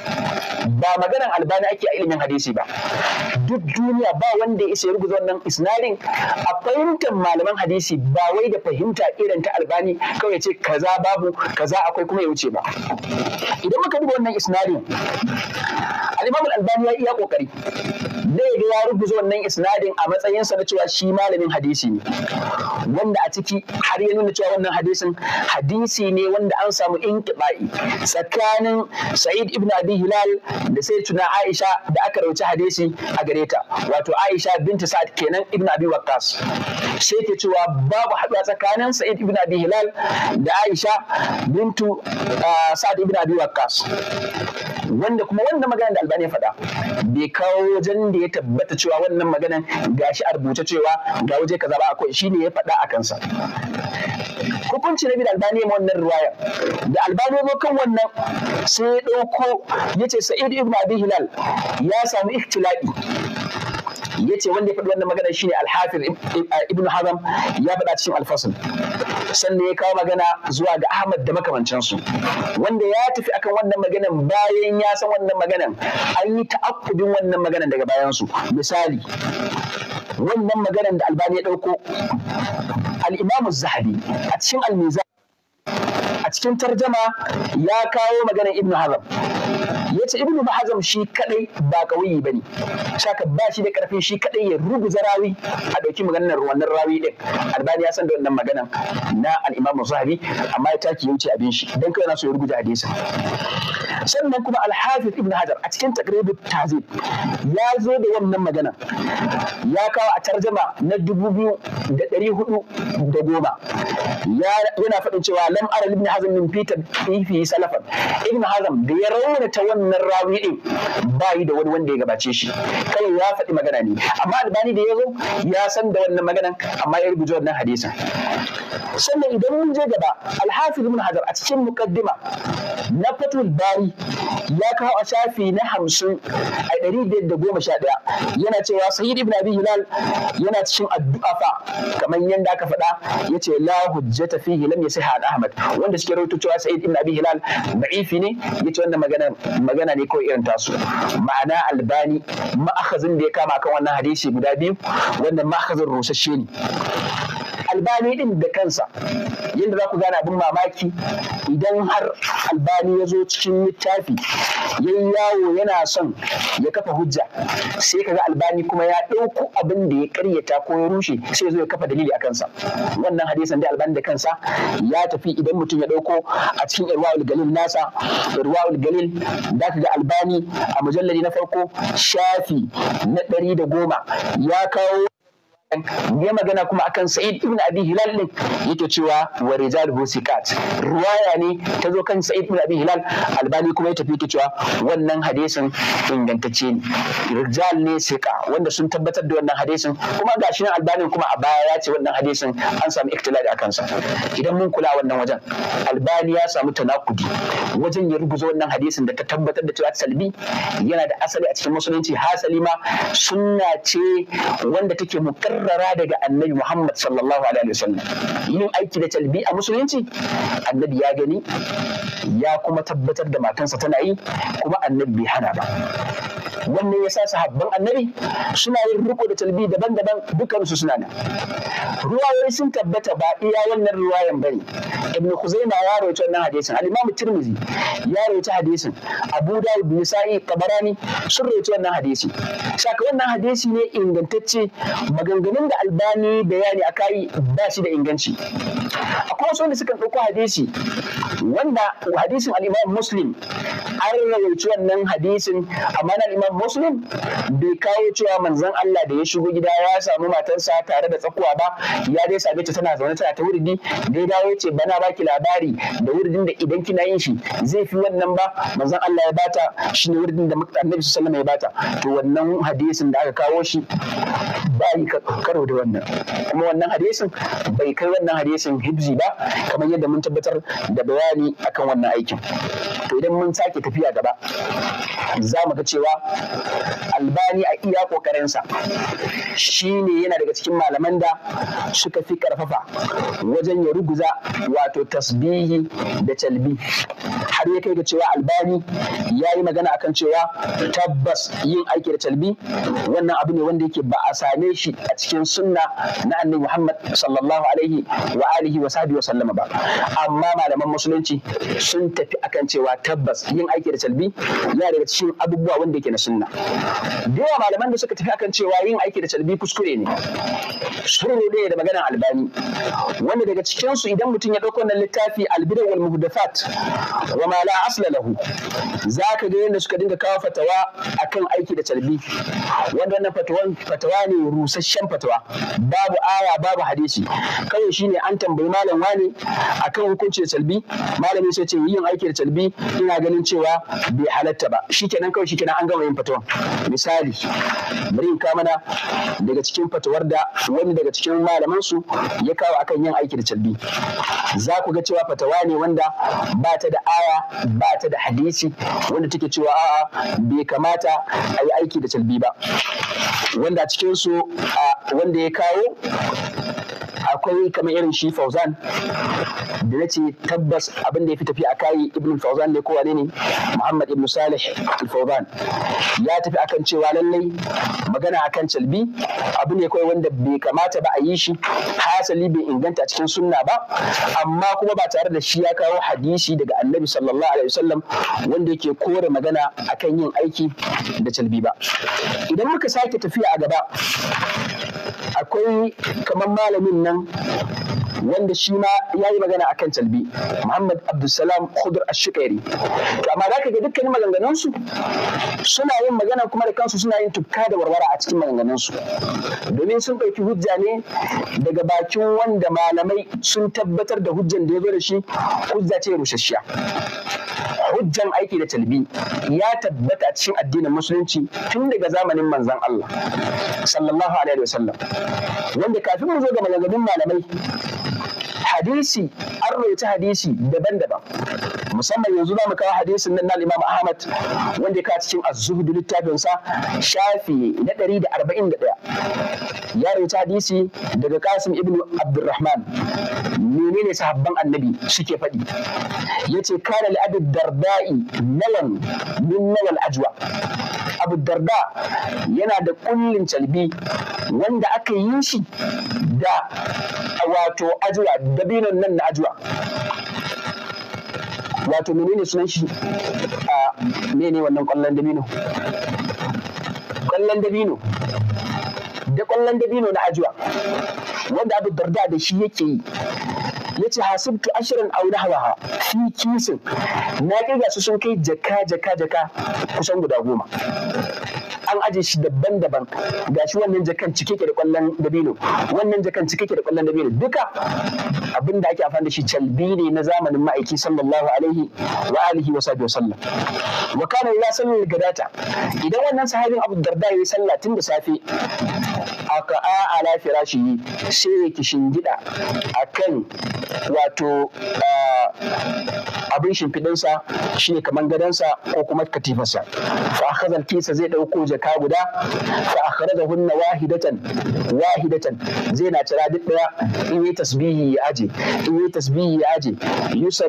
ba maganan albani ake a ilimin hadisi ba duk duniya ba wanda ya isa ya ruguza isnadin a fahimtar malaman hadisi ba wai da fahimta irin ta albani kawai ya ce kaza babu kaza akwai kuma ya wuce ba idan muka duba wannan isnadin alimamul albani ya iya kokari dai ga ya rubuta wannan isnadin a matsayinsa na cewa shi malamin hadisi ne wanda a ciki har ya nuna cewa wannan hadisin hadisi ne wanda an samu inkiba'i tsakanin sa'id ibn abi hilal da sai tuna aisha da aka rauci hadisi a gare ta wato aisha binta sa'ad kenan ibn abi waqqas sai ke cewa babu haɗuwa tsakanin sa'id ibn abi hilal da aisha bintu ah, sa'ad ibn abi waqqas wanda kuma wannan magana da albani ya faɗa bai kawo wajen da ya tabbata cewa wannan maganan gashi a rubuce cewa ga waje kaza ba akwai shine ya faɗa a kansa hukunci na da albani ma wannan ruwaya da albani zo kan wannan sai ya ɗauko yace Sa'id ibn Abi Hilal ya samu ikhtilafi yace wanda ya faɗi wannan magana shine Al-Hafiz ibn eh, Hazm ya faɗa cikin Al-Fasl sannan ya kawo magana zuwa ga Ahmad da makamancinsu wanda ya tafi akan wannan maganan bayan ya san wannan maganan an yi ta'akkudin wannan maganan daga bayansu misali wannan maganan da Albani ya ɗauko al-Imam Zahabi a cikin al a cikin tarjama ya kawo maganan Ibn Hazm ya ce ibnu ma'azam shi kadai ba kauyi bane saka ba shi da karfin shi kadai ya ruguza rawi a dauki maganar wannan rawi din albani ya san da wannan maganan na al-imamu zahabi amma ya taki wuce abin shi dan kai na so ya ruguza hadisin sannan kuma al-hafiz ibnu hajar a cikin taqrib tazib ya zo da wannan maganan ya kawo a tarjama na dubu biyu da ɗari hudu da goma yana faɗin cewa lam ara ibnu hazm min fi salafan ibnu hazm da ya rawa ta wannan rawi din yi da wani wanda ya gabace shi kai ya faɗi magana ne amma albani da ya zo ya san da wannan maganan amma ya rubuta wannan hadisin sannan idan mun je gaba alhafiz ibn hajar a cikin muqaddima na fatul bari ya kawo a shafi na hamsin a ɗari biyar da goma sha ɗaya yana cewa sayyid ibn abi hilal yana cikin addu'a fa kamar yadda aka faɗa ya ce la hujjata fihi lam yasiha ahmad wanda suke rawaito cewa sayyid ibn abi hilal da'ifi ne yace wannan magana wannan magana ne kawai irin tasu ma'ana albani ma'akazin da ya kama kan wannan hadisi guda biyu wannan ma'akazin rusasshe ne albani din da kansa yadda za ku gane abin mamaki idan har albani ya zo cikin littafi ya yi yawo yana son ya kafa hujja sai ka ga albani kuma ya ɗauko abin da ya karyata ko ya rushe sai zo ya kafa dalili a kansa wannan hadisan dai albani da kansa ya tafi idan mutum ya ɗauko a cikin irwaul galil nasa irwaul galil za ka ga albani a mujallari na farko shafi na ɗari da goma ya kawo ya magana kuma akan Sa'id ibn Abi Hilal din yake cewa wa rijaluhu ruwaya ne ta zo kan Sa'id ibn Abi Hilal Albani kuma ya tafi yake cewa wannan hadisin ingantacce ne rijal ne sika wanda sun tabbatar da wannan hadisin kuma gashi nan Albani kuma a baya ya ce wannan hadisin an samu iktila da kansa. idan mun kula wannan wajen Albani ya samu tanakudi wajen ya rubuta wannan hadisin da ta tabbatar da cewa salbi yana da asali a cikin musulunci hasali ma sunna ce wanda take mukar karrara daga annabi Muhammad sallallahu alaihi wasallam yin aiki da talbi a musulunci annabi ya gani ya kuma tabbatar da matansa tana yi kuma annabi bai hana ba wannan yasa sahabban annabi suna yin riko da talbi daban-daban dukansu suna nan ruwayoyi sun tabbata ba iya wannan ruwayan bane ibn Khuzaima ya rawaita wannan hadisin al-Imam Tirmidhi ya rawaita hadisin Abu Dawud bin Sa'i Tabarani sun rawaita wannan hadisi saka wannan hadisi ne ingantacce maganganun da Albani bayani akai ba shi da inganci akwai wasu wanda suka dauko hadisi wanda hadisin al-Imam Muslim an rawaita wannan hadisin amma na imam Muslim bai kawo cewa manzon Allah da ya shigo gida ya samu matarsa tare da tsakuwa ba ya dai sabe ta tana zaune tana ta wurdi da ya dawo ce bana ba baki labari da wurin da idan kina yin shi zai fi wannan ba manzon Allah ya bata ne wurin da annabi sallallahu alaihi ya bata to wannan hadisin da aka kawo shi ba yi karo da wannan kuma wannan hadisin bai kai wannan hadisin hibzi ba kamar yadda mun tabbatar da bayani akan wannan aikin to idan mun sake tafiya gaba za mu ga cewa albani a iya kokarinsa shine yana daga cikin malaman da suka fi karfafa wajen ya ruguza wato wato tasbihi da talbi har ya kai ga cewa albani ya yi magana akan cewa tabbas yin aiki da talbi wannan abu ne wanda yake ba a same shi a cikin sunna na annabi Muhammad sallallahu alaihi wa alihi wa sahbihi wa sallama ba amma malaman musulunci sun tafi akan cewa tabbas yin aiki da talbi ya daga cikin abubuwa wanda yake na sunna da malaman da suka tafi akan cewa yin aiki da talbi kuskure ne sun ne da maganar albani wanda daga cikin su idan mutum ya ɗauka ɗauki wannan littafi albida wal muhdafat wa ma la asla lahu zaka ga yadda suka dinga kawo fatawa akan aiki da calbi wanda wannan fatawan fatawa ne rusasshen fatawa babu aya babu hadisi kawai shine an tambayi malam wane akan hukunci da calbi malami sai ce yin aiki da calbi ina ganin cewa bai halatta ba Shi shikenan kawai shikenan an gama yin fatawan misali bari in mana daga cikin fatawar da wani daga cikin malaman su ya kawo akan yin aiki da calbi za ku ga cewa fatawa ne wanda ba ta da aya ba ta da hadisi wanda take cewa a'a bai kamata a yi aiki da calbi ba wanda cikinsu wanda ya kawo akwai kamar irin shi fauzan da na ce tabbas abin da ya fi tafi a kayi ibn fauzan ne kowane ne muhammad ibn salih fauzan ya tafi akan cewa lallai magana akan calbi abu ne kawai wanda bai kamata ba a yi shi hasali bai inganta cikin sunna ba amma kuma ba tare da shi ya kawo hadisi daga annabi sallallahu alaihi wasallam wanda yake kore magana akan yin aiki da calbi ba idan muka sake tafiya a gaba akwai kamar malamin nan wanda shi ma ya yi magana akan talbi Muhammad Abdulsalam Khudur Ashukari to amma zaka ga dukkanin maganganun suna yin magana kuma da kansu suna yin tukka da warwara a cikin maganganun domin sun ɗauki hujja ne daga bakin wanda malamai sun tabbatar da hujjan da ya zo da shi hujja ce rusasshiya hujjan aiki da talbi ya tabbata a cikin addinin musulunci tun daga zamanin manzon Allah sallallahu alaihi wasallam wanda kafin mu zo ga maganganun malamai hadisi an rawaita hadisi daban-daban musamman yanzu za mu kawo hadisin nan na Imam Ahmad wanda ka cikin az-zuhd littafinsa shafi na 141 ya rawaita hadisi daga Kasim ibn Abdurrahman menene sahabban annabi suke faɗi yace kana li dar الدرداء نوى من نوى الأجوى أبو الدرداء yana da kullin calbi wanda aka yi shi da wato ajuwa dabinon nan na ajuwa wato ne sunan shi a mene wannan kwallon dabino kwallon dabino da ƙwallon dabino na ajuwa wanda abu darda da shi yake yi ya ce hasibtu ashirin a wani hawa fi kisin na kirga su sun kai jaka jaka jaka kusan guda goma an aje shi daban-daban ga shi wannan jakan cike ke da kwallon dabino wannan jakan cike ke da kwallon dabino duka abin da ake amfani da shi calbi ne na zamanin ma'aiki sallallahu alaihi wa alihi wa wa sallam wa kana ya sallar gadata idan wannan sahabin abu darda ya yi sallah tun da safe aka ala firashi sai ya a kan wato abin shimfiɗinsa shine kamar gadansa ko kuma katifarsa fa akhadha kisa zai dauko jaka guda fa hunna wahidatan wahidatan zai na cira duk daya in yi tasbihi ya aje in yi tasbihi ya aje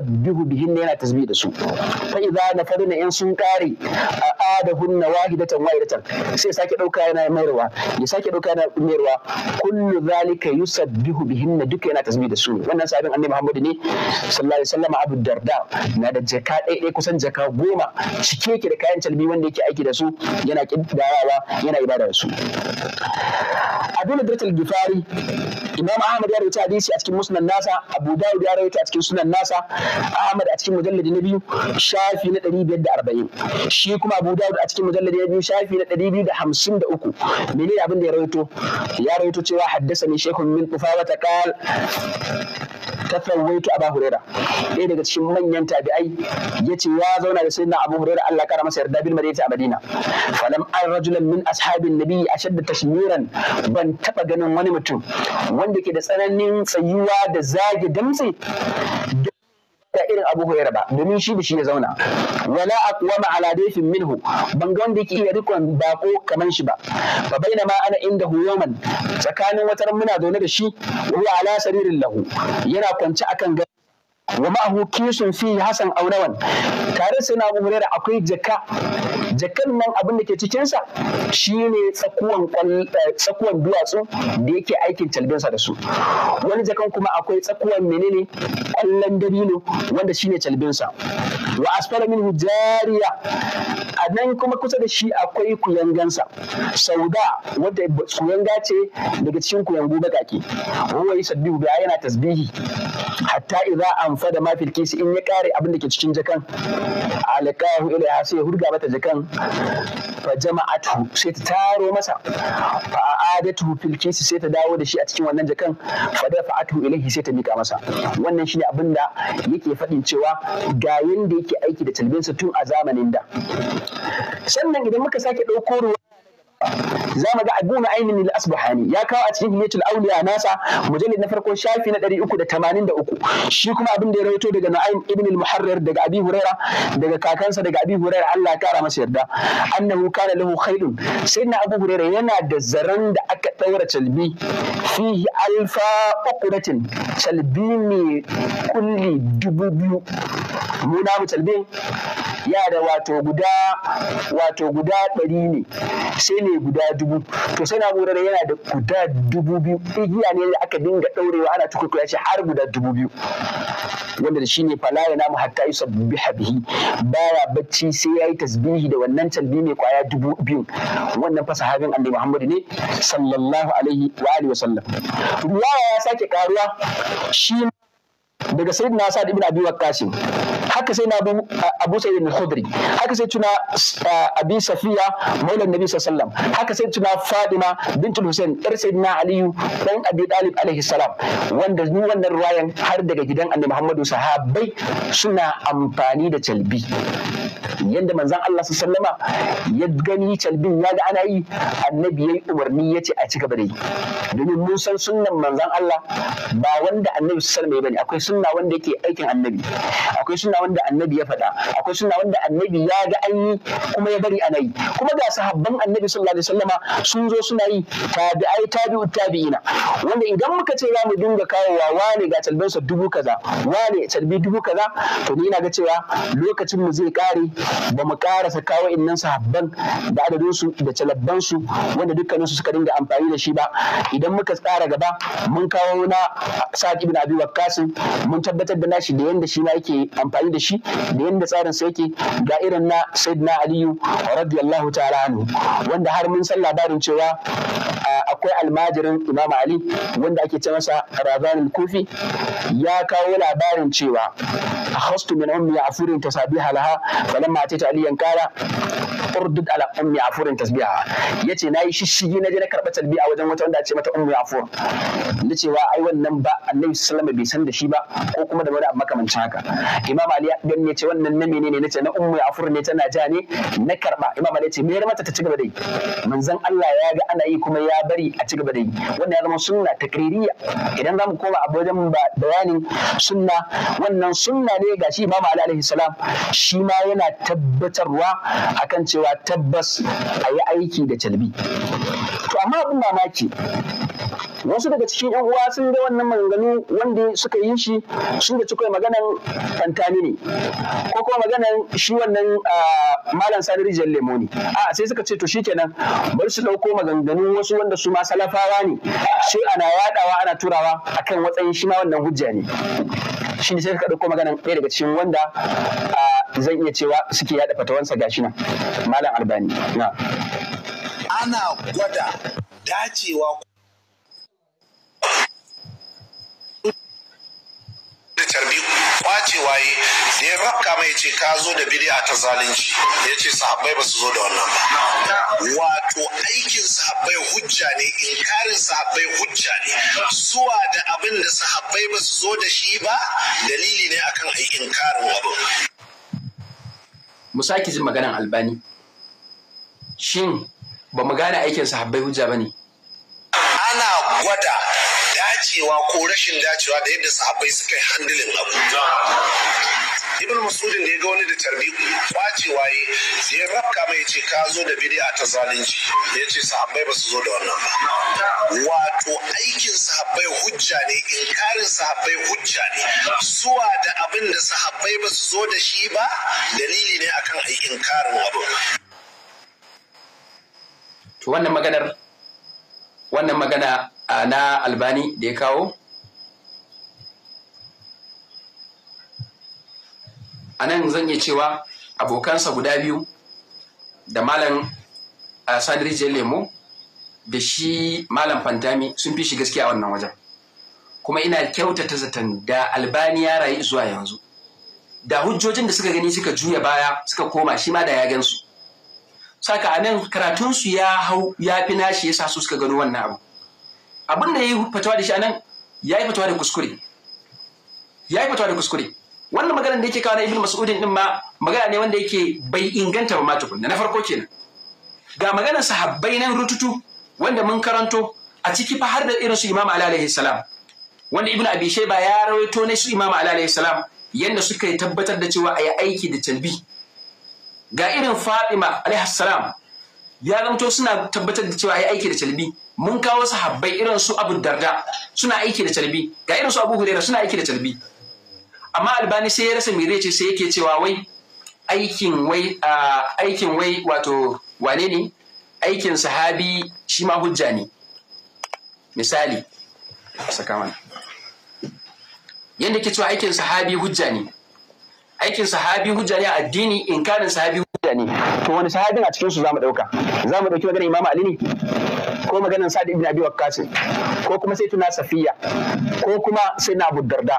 bihu bihin yana tasbihi da su fa idza na in sun kare a a da hunna wahidatan wahidatan sai sake dauka yana mayarwa ya sake dauka yana bunyarwa kullu zalika yusabbihu bihinna duka yana tasbih da su wannan sahabin annabi Muhammad ne sallallahu alaihi wasallam Abu Darda na da jaka ɗaya kusan jaka goma cike yake da kayan calbi wanda yake aiki da su yana kiddawa yana ibada da su Abdul Dirtul Gifari Imam Ahmad ya rawaita hadisi a cikin musnad nasa Abu Dawud ya rawaita a cikin sunan nasa Ahmad a cikin mujalladi na biyu shafi na 540 shi kuma Abu Dawud a cikin mujalladi na biyu shafi na 253 menene abin da ya rawaito ya rawaito cewa haddasa ne shaykhun min qufawata qal ta fawaitu Abu Huraira ɗaya daga cikin manyan tabi'ai yace ya zauna da sayyidina Abu Huraira Allah kara masa yarda bil madinati a Madina falam ar rajulan min ashabin nabiyyi ashadda tashmiran ban taba ganin wani mutum wanda ke da tsananin tsayuwa da zage damtsi da irin Abu Hurairah ba domin shi da shi ya zauna wala aqwama ala dayfin minhu ban ga wanda yake iya rikon bako kaman shi ba fa bainama ana inda yawman tsakanin wataran muna zaune da shi wa ala saririn lahu yana kwance akan gado wa ma'ahu kishin fi hasan aurawan tare sai na abu hurera akwai jaka jakan nan abin da ke cikinsa shine tsakuwan eh, tsakuwan duwatsu da yake aikin calbinsa da su wani jakan kuma akwai tsakuwan menene kwallon dabino wanda shine calbinsa wa asfara min jariya a nan kuma kusa da shi akwai kuyangansa sauda wanda kuyanga ce daga cikin kuyangu bakaki Wai sabbihu bi yana tasbihi hatta idza an anfada ma fil kisi in ya kare abin da ke cikin jakan alqahu ya sai hurga mata jakan fa jama'atu sai ta taro masa fa adatu fil kisi sai ta dawo da shi a cikin wannan jakan fa dafa'atu ilaihi sai ta mika masa wannan shine abin da yake faɗin cewa ga yanda yake aiki da talbinsa tun a zamanin da sannan idan muka sake ɗauko ruwa za mu ga abu ainihin al-asbahani ya kawo a cikin himiyatul auliya nasa mujallid na farko shafi na 383 shi kuma abin da ya rawaito daga na'im ibn al-muharrir daga abi huraira daga kakansa daga abi huraira Allah ya kara masa yarda annahu kana lahu sai sayyidina abu huraira yana da zaran da aka daura calbi fihi alfa uqratin calbi ne kulli dubu biyu mu mu calbi ya da wato guda wato guda ɗari ne sai ne guda dubu to sai na gura yana da guda dubu biyu igiya ne da aka dinga daurewa ana ya ce har guda dubu biyu wanda da shine fala falaya namu hatta yi sabbiha habihi baya bacci sai ya yi tasbihi da wannan talbi mai kwaya dubu biyu wannan fa sahabin annabi Muhammad ne sallallahu alaihi wa alihi wasallam riwaya ya sake karuwa shi daga sayyidina sa'ad ibn Abi Waqqas haka sai na abu sa'id al-khudri haka sai tuna abi safiya maulan nabi sallallahu haka sai tuna fadima bintul husain yar sayyidina ali dan abi dalib alaihi salam wanda ni wannan ruwayan har daga gidan annabi muhammadu sahabbai suna amfani da calbi yadda manzan Allah sallallahu alaihi sallama ya gani calbin ya ga ana yi annabi ya yi umarni ya ce a cika gaba da yi domin mun san sunnan manzan Allah ba wanda annabi su sallama ya bane akwai sunna wanda yake aikin annabi akwai sunna wanda annabi ya faɗa akwai suna wanda annabi ya ga an yi kuma ya bari ana yi kuma ga sahabban annabi sallallahu alaihi wasallama sun zo suna yi tabi'ai tabi'u tabi'ina wanda idan muka ce za mu dinga kawowa wane ga talbansa dubu kaza wane talbi dubu kaza to ni ina ga cewa lokacin mu zai kare ba mu karasa kawo innan sahabban da adadin su da talabban su wanda dukkanin su suka dinga amfani da shi ba idan muka tsara gaba mun kawo na sa'id ibn abi waqqas mun tabbatar da nashi da yanda shi ma yake amfani da da shi da yadda tsarin sa yake ga irin na sayyidina aliyu radiyallahu ta'ala anhu wanda har mun san labarin cewa akwai almajirin Imama ali wanda ake ce masa razan kufi ya kawo labarin cewa akhastu min ummi afurin tasabiha laha falamma ta aliyan kala urdud ala ummi afurin tasbiha yace nayi shishigi na je na karba talbiya wajen wata wanda ce mata ummi afur na cewa ai wannan ba annabi wasallam bai san da shi ba ko kuma da wani abu makamancin haka imam Aliya dan ya ce wannan na menene ne ce na ummu afur ne tana ja ne na karba imam ali ce mayar mata ta ci da yi manzon Allah ya ga ana yi kuma ya bari a ci gaba da yi wannan ya zama sunna takririya idan zamu koma abu wajen bayanin sunna wannan sunna ne gashi imam ali alaihi salam shi ma yana tabbatarwa akan cewa tabbas a yi aiki da calbi to amma abin mamaki wasu daga cikin yan uwa sun ga wannan maganganu wanda suka yi shi sun da cikin maganan fantani ne ne ko kuma maganar shi wannan malam sani rijiyar lemo ne a sai suka ce to shikenan Bar su ɗauko maganganun wasu wanda su ma salafawa ne sai ana yaɗawa ana turawa akan watsayin shi ma wannan hujja ne shi ne sai ka ɗauko maganar ɗaya daga cikin wanda zan iya cewa suke yaɗa fatawansa gashi nan malam albani na ana gwada dacewa kwace waye da ya rabka mai ce ka zo da bid'a ta zalunci ya ce sahabbai ba su zo da wannan ba wato aikin sahabbai hujja ne inkarin sahabbai hujja ne zuwa da abin da sahabbai ba su zo da shi ba dalili ne akan ai inkarin abin mu saki jin maganan albani shin ba mu gane aikin sahabbai hujja ba ne ana gwada dacewa ko rashin dacewa da yadda sahabbai suka yi handilin abu ibn masudin da ya ga wani da tarbi kwacewa ya ya rabka mai ce ka zo da bid'a ta zalunci ya ce sahabbai ba su zo da wannan ba wato aikin sahabbai hujja ne inkarin sahabbai hujja ne zuwa da abin da sahabbai ba su zo da shi ba dalili ne akan inkarin abu to wannan maganar wannan magana na albani da ya kawo a nan zan iya cewa abokansa guda biyu da malam sadir lemo da shi malam fantami sun fi shi gaskiya a wannan wajen kuma ina kyautata zaton da albani ya rayu zuwa yanzu da hujjojin da suka gani suka juya baya suka koma shi ma da ya gansu saka anan karatunsu ya hau ya fi nashi ya sa su suka gano wannan abu abin da ya yi fatawa da shi anan ya yi fatawa da kuskure ya yi fatawa da kuskure wannan maganar da yake kawo na ibn mas'udin din ma magana ne wanda yake bai inganta ba ma tukunna na farko kenan ga maganar sahabbai nan rututu wanda mun karanto a ciki fa har da irin su imam ali alaihi salam wanda ibn abi shayba ya rawaito ne su imam ali alaihi salam yanda suka tabbatar da cewa a yi aiki da talbi ga irin fatima alaihi salam ya zamto suna tabbatar da cewa ya aiki da calbi mun kawo sahabbai irin su Abu Darda suna aiki da calbi ga irin su Abu Hurairah suna aiki da calbi amma Albani sai ya rasa me zai ce sai yake cewa wai aikin wai aikin wai wato wane ne aikin sahabi shi ma hujja ne misali saka mana yanda ke cewa aikin sahabi hujja ne aikin sahabi hujja ne addini kanin sahabi hujja ne to wani sahabin a cikin su zamu dauka zamu dauki maganar Imam Ali ne ko maganar Sa'd ibn Abi Waqqas ko kuma sai tuna Safiya ko kuma sai na Abu Darda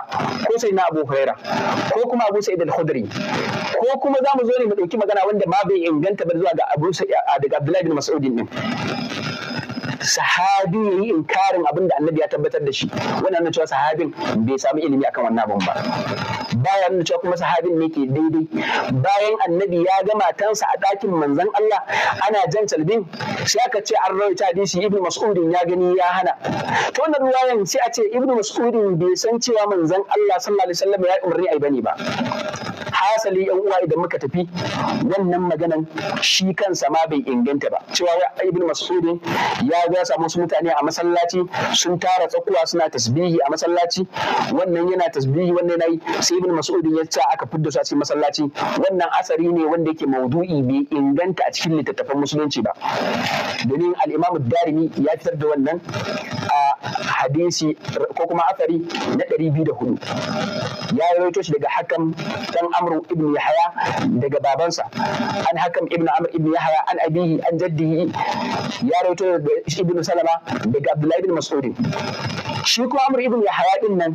ko sai na Abu Huraira ko kuma Abu Sa'id al-Khudri ko kuma zamu zo ne mu dauki magana wanda ma bai inganta ba zuwa ga Abu daga Abdullahi bin Mas'ud din sahabi ya yi inkarin abin da annabi ya tabbatar da shi wannan na cewa sahabin bai samu ilimi akan wannan abin ba bayan nuna cewa kuma sahabin ne ke daidai bayan annabi ya gama tansa a dakin manzon Allah ana jan talbin sai aka ce an rawaita hadisi ibnu mas'udin ya gani ya hana to wannan ruwayan sai a ce ibnu mas'udin bai san cewa manzon Allah sallallahu alaihi wasallam ya umarni ai bane ba hasali yan uwa idan muka tafi wannan maganan shi kansa ma bai inganta ba cewa ibnu mas'udin ya ga ya samu wasu mutane a masallaci sun tara tsakuwa suna tasbihi a masallaci wannan yana tasbihi wannan yi sai ibn mas'ud ya ce aka fidda su a cikin masallaci wannan asari ne wanda yake maudu'i bai inganta a cikin littattafan musulunci ba domin al-imam darimi ya fitar da wannan a hadisi ko kuma asari na 204 ya rawaito shi daga hakan dan amru ibn yahya daga babansa an hakan ibn amr ibn yahya an abihi an jaddihi ya rawaito Ibnu salama daga abdullahi ibn mas'ud shi kuma amr ibn yahaya din nan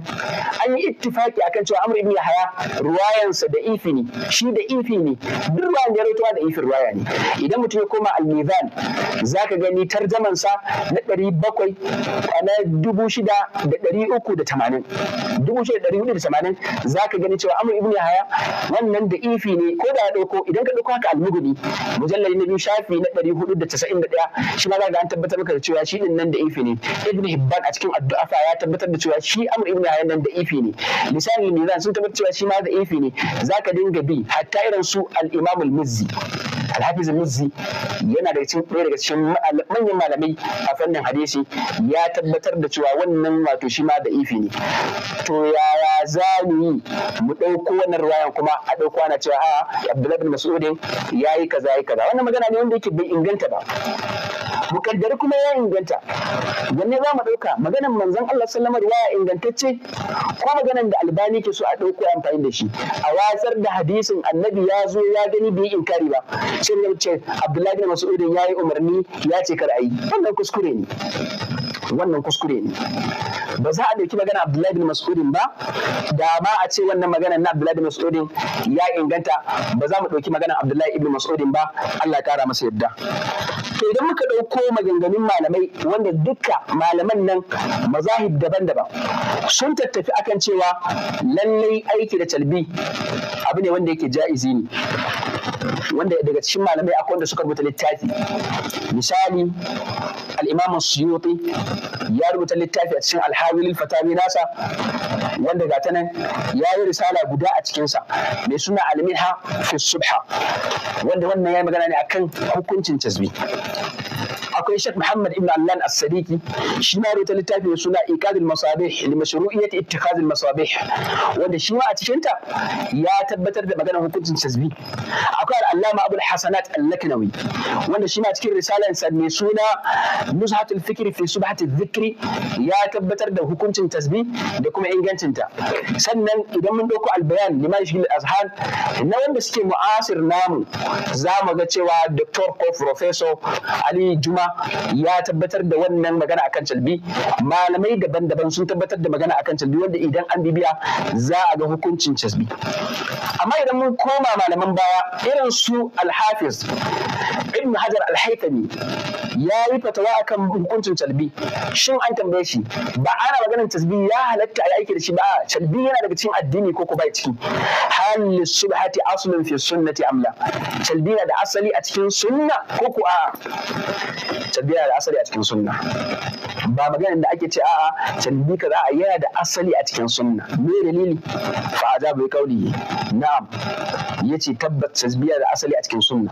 an yi ittifaki akan cewa amr ibn yahaya ruwayansa da ifi ne shi da ifi ne duk ruwayan ya rawaitowa da ifin ruwaya ne idan mutum ya koma al-mizan zaka gani tarjaman sa na 700 kana 6380 6480 zaka gani cewa amr ibn yahaya wannan da ifi ne ko da ya dauko idan ka dauko haka al-mughni mujallal na biyu shafi na 491 shi ma zaka ga an tabbatar maka da cewa shi din nan da ifi ne ibn hibban a cikin addu'a fa ya tabbatar da cewa shi amr ibn hayyan nan da ifi ne lisan mizan sun tabbatar cewa shi ma da ifi ne zaka dinga bi hatta irin su al-imam al muzzi al-hafiz al muzzi yana daga cikin ɗaya daga cikin manyan malamai a fannin hadisi ya tabbatar da cewa wannan wato shi ma da ifi ne to yaya za mu yi mu ɗauko wannan ruwayan kuma a ɗauko ana cewa a abdullahi bin mas'udin ya yi kaza ya yi kaza wannan magana ne wanda yake bai inganta ba mukaddari kuma ya inganta za mu ɗauka maganan manzon Allah sallama riwaya ingantacce ko maganar da albani ke so a ɗauko amfani da shi a watsar da hadisin annabi ya zo ya gani bai inkari ba shin ya ce Abdullahi bin Mas'ud ya yi umarni ya ce kar ayi wannan kuskure ne wannan kuskure ne ba za a ɗauki magana Abdullahi bin Mas'udin ba da ma a ce wannan maganar na Abdullahi bin Mas'udin ya inganta ba za mu ɗauki maganar Abdullahi bin Mas'udin ba Allah ya kara masa yadda to idan muka ɗauko maganganun malamai wanda dukka malaman nan mazahib daban-daban sun tattafi akan cewa lallai aiki da talbi abu ne wanda yake ja'izi ne wanda daga cikin malamai akwai wanda suka rubuta littafi misali al-imam suyuti ya rubuta littafi a cikin alhawil fatawi nasa wanda ga nan ya yi risala guda a cikinsa mai suna alminha fi subha wanda wannan ya magana ne akan hukuncin tasbih akwai Sheikh Muhammad Ibn Allan as sadiki shi ma rubuta littafi mai suna Iqadul Masabih li mashru'iyyat ittikhadul masabih wanda shi ma a cikin ta ya tabbatar da maganar hukuncin tasbi akwai Al-Allama Abul Hasanat Al-Laknawi wanda shi ma cikin risalansa mai suna Nuzhatul Fikri fi Subhatil Dhikri ya tabbatar da hukuncin tasbi da kuma ingancin ta sannan idan mun dauko Al-Bayan liman shi Azhan na wanda suke mu'asir namu za mu ga cewa Dr. ko Professor Ali Juma ya tabbatar da wannan magana akan calbi malamai daban-daban sun tabbatar da magana akan calbi wanda idan an bibiya za a ga hukuncin calbi amma idan mun koma malaman baya irin su alhafiz ibn hajar al-haytami ya yi fatawa akan hukuncin calbi shin an tambaye shi ba ana maganar tasbi ya halatta a aiki da shi ba calbi yana daga cikin addini ko ko bai ciki hal subhati aslun fi sunnati amla calbi na da asali a cikin sunna ko ko a calbi na da asali a cikin sunna ba maganar da ake ce a'a calbi kaza yana da asali a cikin sunna me dalili fa azabu kauli na'am yace tabbat tasbiya da asali a cikin sunna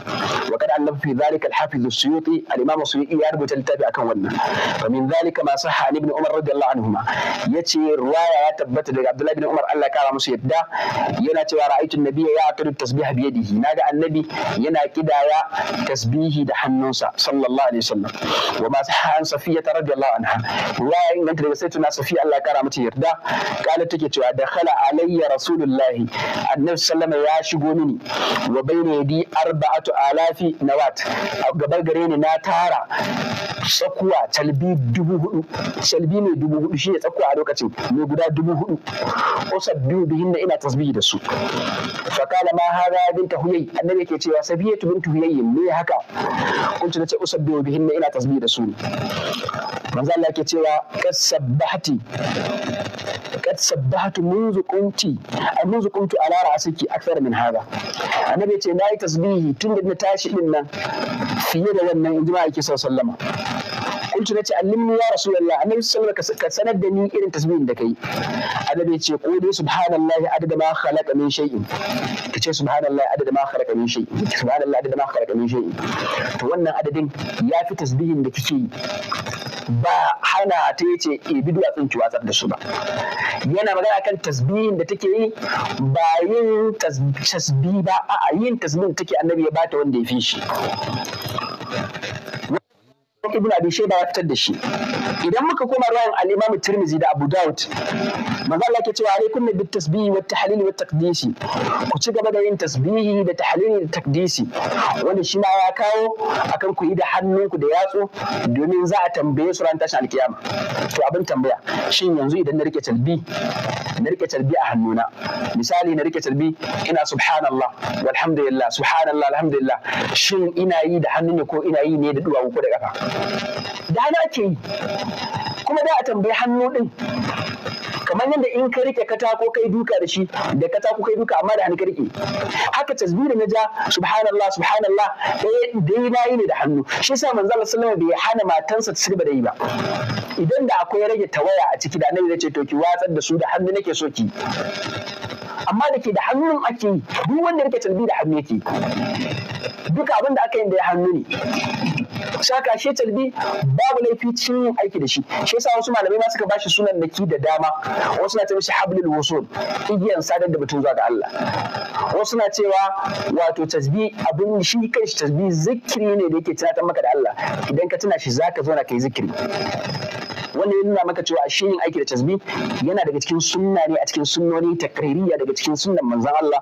wa kada annabi fi dhalika al-hafiz as-suyuti al-imam ya rubuta littafi akan wannan fa min masu ma sahha ibn umar radiyallahu ya ce riwaya ya tabbata daga abdullahi ibn umar Allah ya kara musu yadda yana cewa ra'aytu an-nabiyya ya'qidu tasbih bi yadihi naga annabi yana kidaya tasbihi da hannunsa sallallahu alaihi wasallam wa ma sahha an safiya radiyallahu anha riwaya inganta daga sayyidina safiya Allah ya kara mata yarda kala take cewa dakhala alayya rasulullahi annabi sallama ya shigo mini wa bayna yadi arba'atu alafi nawat Gabar gare ni na tara tsakuwa calbi dubu hudu calbi mai dubu hudu shine tsakuwa a lokacin mai guda dubu hudu usab biyu biyun da ina tasbihi da su fakala ma hada binta huyai annabi yake cewa sabiyatu bintu huyai me haka kunci nace usab biyu biyun da ina tasbihi da su manzo Allah yake cewa kad sabbahati kad sabbahatu منذ كنت منذ كنت على راسك اكثر من هذا annabi ce nayi tasbihi tun da na tashi din nan fiye da wannan in ji ma'aiki sallama Kun kuntu nace allimni ya rasulullah annabi sallallahu alaihi ka sanar da ni irin tasbihin da kai annabi ce ko dai subhanallahi adada ma khalaqa min shay'in kace subhanallahi adada ma khalaqa min shay'in subhanallahi adada ma khalaqa min shay'in to wannan adadin ya fi tasbihin da kike yi ba hana ta yace ibi eh, duwatsun ki watsar da su ba yana magana kan tasbihin da take yi ba yin tasbi ba a yin tasbihin take annabi ya bata wanda ya fi shi ibn abi shayba ya fitar da shi idan muka koma ruwan al-imam tirmizi da abu daud manzo Allah ke cewa alaikum bit tasbihi wat tahlil wat taqdisi ku ci gaba da yin tasbihi da tahlili da taqdisi wanda shi ma ya kawo akan ku yi da hannunku da yatsu domin za a tambaye su ran tashin alkiyama to abin tambaya shin yanzu idan na rike talbi na rike talbi a hannuna misali na rike talbi ina subhanallah walhamdulillah subhanallah alhamdulillah shin ina yi da hannu ne ko ina yi ne da duwawu ko da kafa dana ke yi kuma da a tambayi hannu din kamar yadda in ka rike katako kai duka da shi da katako kai duka amma da hannu ka rike haka tasbihin na ja subhanallah subhanallah eh, dai na yi ne da hannu shi yasa manzo Allah sallallahu alaihi wasallam bai hana matansa ta sirba da yi ba idan da akwai rage tawaya a ciki da annabi zai ce to ki watsar da su da hannu nake so ki amma da ke da hannun ake yi duk wanda rike tasbih da hannu yake duka abin aka yi da hannu ne shaka shi HIV babu laifi cin yin aiki da shi shi yasa wasu malamai ma suka bashi sunan naki da dama wasu na ce mishi hablul wusul igiyan sadar da mutum zuwa ga Allah wasu na cewa wato tasbi abin shi shi tasbi zikiri ne da yake tunatar maka da Allah idan ka tuna shi zaka zo na kai zikiri wanda ya nuna maka cewa ashe yin aiki da tasbih yana daga cikin sunna ne a cikin sunnoni takririya daga cikin sunnan manzon Allah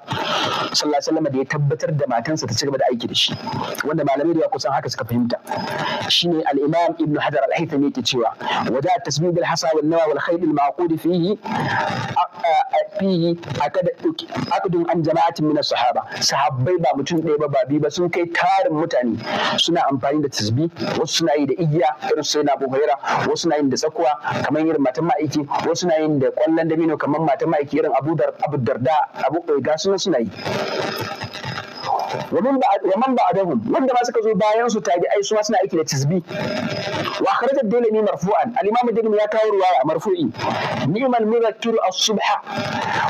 sallallahu alaihi wasallam da ya tabbatar da matansa ta cigaba da aiki da shi wanda malamai da kusan haka suka fahimta shine al-Imam Ibn Hajar al-Haythami yake cewa wada tasbih bil hasa wal nawa wal khayl al maqud fihi fihi akadun an jama'atin min sahaba sahabbai ba mutum ɗaya ba ba biyu ba sun kai tarin mutane suna amfani da tasbih wasu suna yi da igiya irin sai na Abu wasu suna yin da zakuwa kamar irin matan ma'aiki wasu na yin da kwallon dabino kamar matan ma'aiki irin abu darda abu eh, ga suna suna yi waman ba adahum wanda ma suka zo bayan su tabi ai su ma suna aiki da tisbi wa kharajat dalimi marfu'an al-imam dalimi ya kawo ruwaya marfu'i ni'mal muzakkir as-subha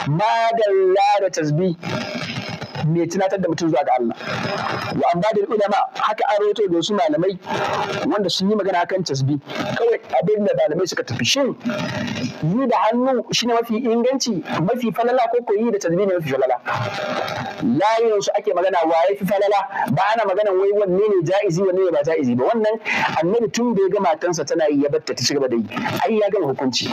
ma dalla da tasbih mai tunatar da mutum zuwa ga Allah wa an bada ulama haka an rawaito da wasu malamai wanda sun yi magana kan tasbi kawai abin da malamai suka tafi shin yi da hannu shi ne mafi inganci mafi falala ko koyi da tasbi ne mafi falala layin su ake magana wa fi falala ba ana magana wai wanne ne ja'izi wanne ne ba ja'izi ba wannan annabi tun bai ga matansa tana yi ya batta ta cigaba da yi ai ya gama hukunci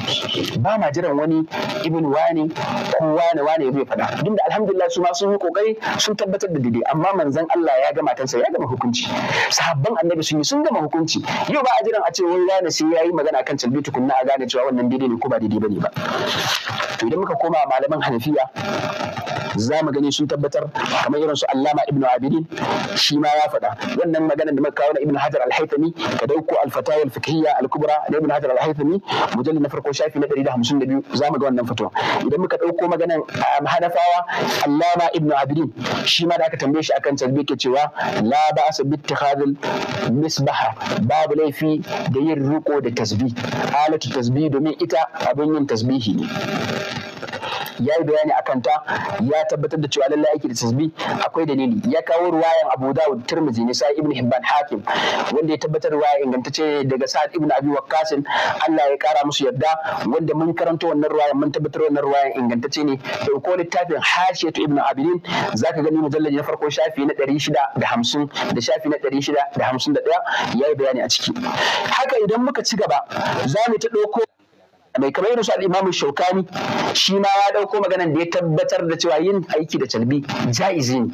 ba ma jiran wani ibn wani ko wani wani ya faɗa duk da alhamdulillah su ma sun yi kokari sun tabbatar da daidai amma manzon Allah ya ga matansa ya gama hukunci sahabban annabi sun yi sun gama hukunci yau ba a jiran a ce wani gane sai yayi magana kan calbi tukunna a gane cewa wannan daidai ne ko ba daidai bane ba to idan muka koma malaman Hanafiya za mu gani sun tabbatar kamar irin su Allama Ibn Abidin shi ma ya faɗa wannan maganar da muka kawo na Ibn Hajar Al-Haythami ka dauko Al-Fatawa Al-Fiqhiyya Al-Kubra da Ibn Hajar Al-Haythami mujallal na farko shafi na 152 za mu ga wannan fatawa idan muka dauko maganar um, Hanafawa Allama Ibn Abidin shi ma da aka tambaye shi akan tasbih ke cewa la ba'sa bi ittikhadil misbah babu laifi da yin riko da tasbih alatu tasbih domin ita abin yin tasbihi ne ya yi bayani a kanta ya tabbatar da cewa lallai aiki da tasbi akwai dalili ya kawo ruwayan abu dawud tirmidhi ne sai ibn hibban hakim wanda ya tabbatar ruwaya ingantacce daga sa'ad ibn abi waqqasin Allah ya kara musu yarda wanda mun karanta wannan ruwayan mun tabbatar wannan ruwayan ingantacce ne dauko littafin hashiyatu ibn abidin zaka gani mujallal na farko shafi na 650 da shafi na 651 ya yi bayani a ciki haka idan muka ci gaba za mu ta doko. Mai kamar irin su al'imamu shaukani shi ma ya ɗauko maganan da ya tabbatar da cewa yin aiki da calbi jaizi ne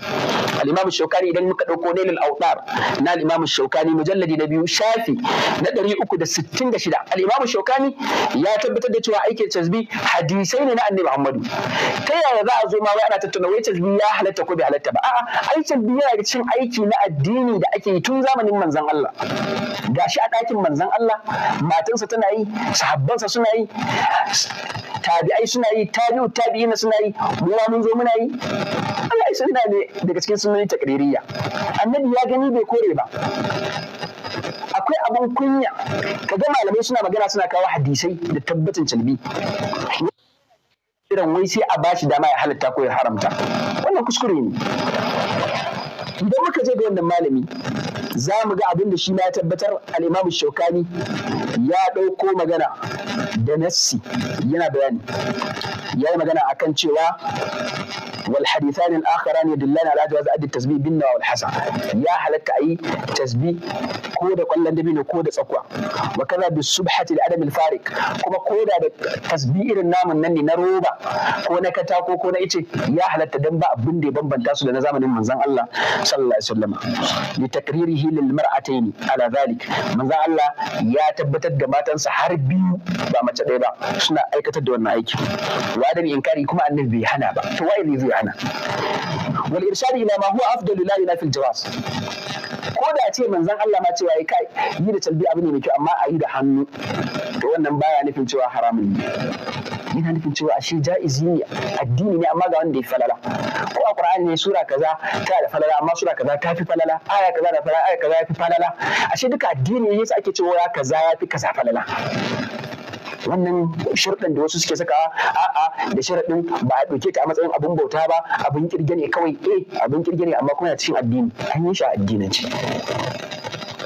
al'imamu shaukani idan muka ɗauko lil auɗar na al'imamu shaukani mujalladi na biyu shafi na ɗari uku da sittin da shida. al'imamu shaukani ya tabbatar da cewa aiki da calbi hadisai ne na Annabi muhammadu ta yaya za a zo ma wai ana tattauna wai calbi ya halatta ko bai halatta ba a'a ai calbi yana da cin aiki na addini da ake yi tun zamanin manzon Allah gashi a ɗakin manzon Allah matansa tana yi sahabbansa suna yi tabi'ai suna yi tabi'u na suna yi mu mun zo muna yi Allah ya sanda ne daga cikin sunnoni takririya annabi ya gani bai kore ba akwai abin kunya kaga malamai suna magana suna kawo hadisai da tabbacin calbi irin wai sai a bashi dama ya halatta ko ya haramta wannan kuskure ne idan muka je ga wannan malami za mu ga abin da shi ma ya tabbatar a al'imamu shaukani ya ɗauko magana da nassi yana bayani ya yi magana akan cewa wal hadithani ne dillana ala jawaz addi tasbih bin nawa ya halatta ayi tasbih ko da kwallon dabino ko da tsakwa wa kaza bi subhati da adam farik kuma ko da da tasbih irin naman nan ne na roba ko na katako ko na ice ya halatta dan ba abin ya bambanta su da na zamanin manzon Allah sallallahu alaihi wasallam li takririhi lil mar'atayn ala Allah ya tabbatar da matansa har biyu ba mace ɗaya ba suna aikatar da wannan aiki wa inkari kuma annabi bai hana ba to wai ne zai hana wal irshadi ila ko da ce manzon Allah ma cewa yi kai yi da talbi abu ne mai kyau amma a yi da hannu to wannan baya nufin cewa haramun ne yana nufin cewa ashe ja'izi ne addini ne amma ga wanda ya falala ko a qur'ani ne sura kaza ta da falala amma amma sura kaza ta fi falala aya kaza da falala aya kaza ya fi falala ashe duka addini yasa ake cewa kaza ya fi kaza falala wannan sharɗin da wasu suke sakawa a'a da sharaɗin ba a ɗauke ta a matsayin abin bauta ba abin kirge ne kawai eh abin kirge ne amma kuma yana cikin addini an yi shi a addinance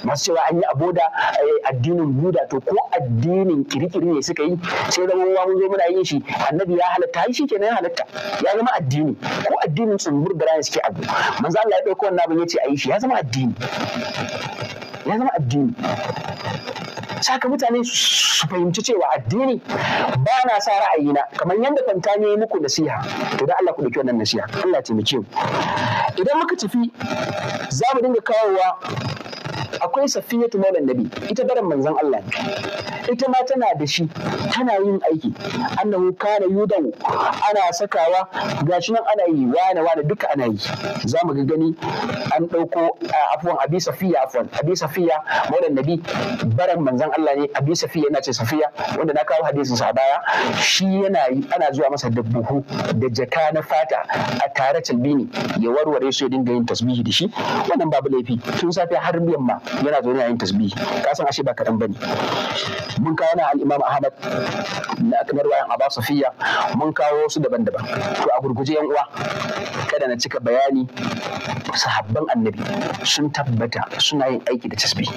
masu cewa an yi aboda da eh, addinin buda to ko addinin kirikiri ne suka yi sai zama ruwa mun zo muna yin shi annabi ya halatta shi kenan ya halatta ya zama addini ko addinin tsumbur da ranar suke abu manzo Allah ya dauko wannan abin yace ayi shi ya zama addini ya zama addini saka mutane su fahimci cewa addini ba na sa ra'ayina kamar yadda kwanta ne muku nasiha to da Allah ku dauki wannan nasiha Allah ya taimake mu idan muka tafi za mu dinga kawowa akwai safiyatu mai nabi ita barin manzon Allah ne. ita ma tana da shi tana yin aiki annahu kana yudau ana sakawa gashi nan ana yi wane wane duka ana yi za mu gani an ɗauko afuwan abi safiya afuwan abi safiya mai nabi barin manzon Allah ne abi safiya yana ce safiya wanda na kawo hadisin sa baya shi yana yi ana zuwa masa da buhu da jaka na fata a tare talbini ya warware su ya dinga yin tasbihi da shi wannan babu laifi tun safiya har yamma yana zo yayin tasbih ka san ashe ba kaɗan bane mun kawo na al-imam ahmad na kamar wayan aba safiya mun kawo su daban-daban to a gurguje yan uwa kada na cika bayani sahabban annabi sun tabbata suna yin aiki da tasbih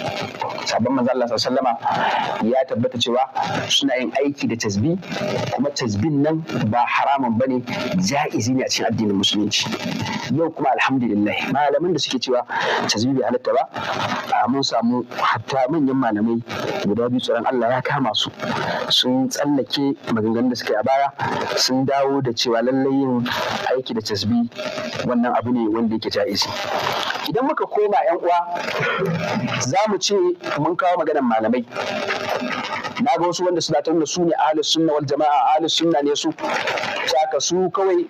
sahabban manzo Allah sallama ya tabbata cewa suna yin aiki da tasbih kuma tasbin nan ba haramun bane ja'izi ne a cikin addinin musulunci yau kuma alhamdulillah malaman da suke cewa tasbih bai halatta ba mun samu hatta manyan malamai guda biyu tsaron Allah ya kama su sun tsallake maganganun da suka a baya sun dawo da cewa lallai yin aiki da tasbi wannan abu ne wanda yake jaizi idan muka koma yan uwa za mu ce mun kawo maganar malamai na ga wasu wanda su datar da su ne ahlus sunna wal jama'a ahlus sunna ne su saka su kawai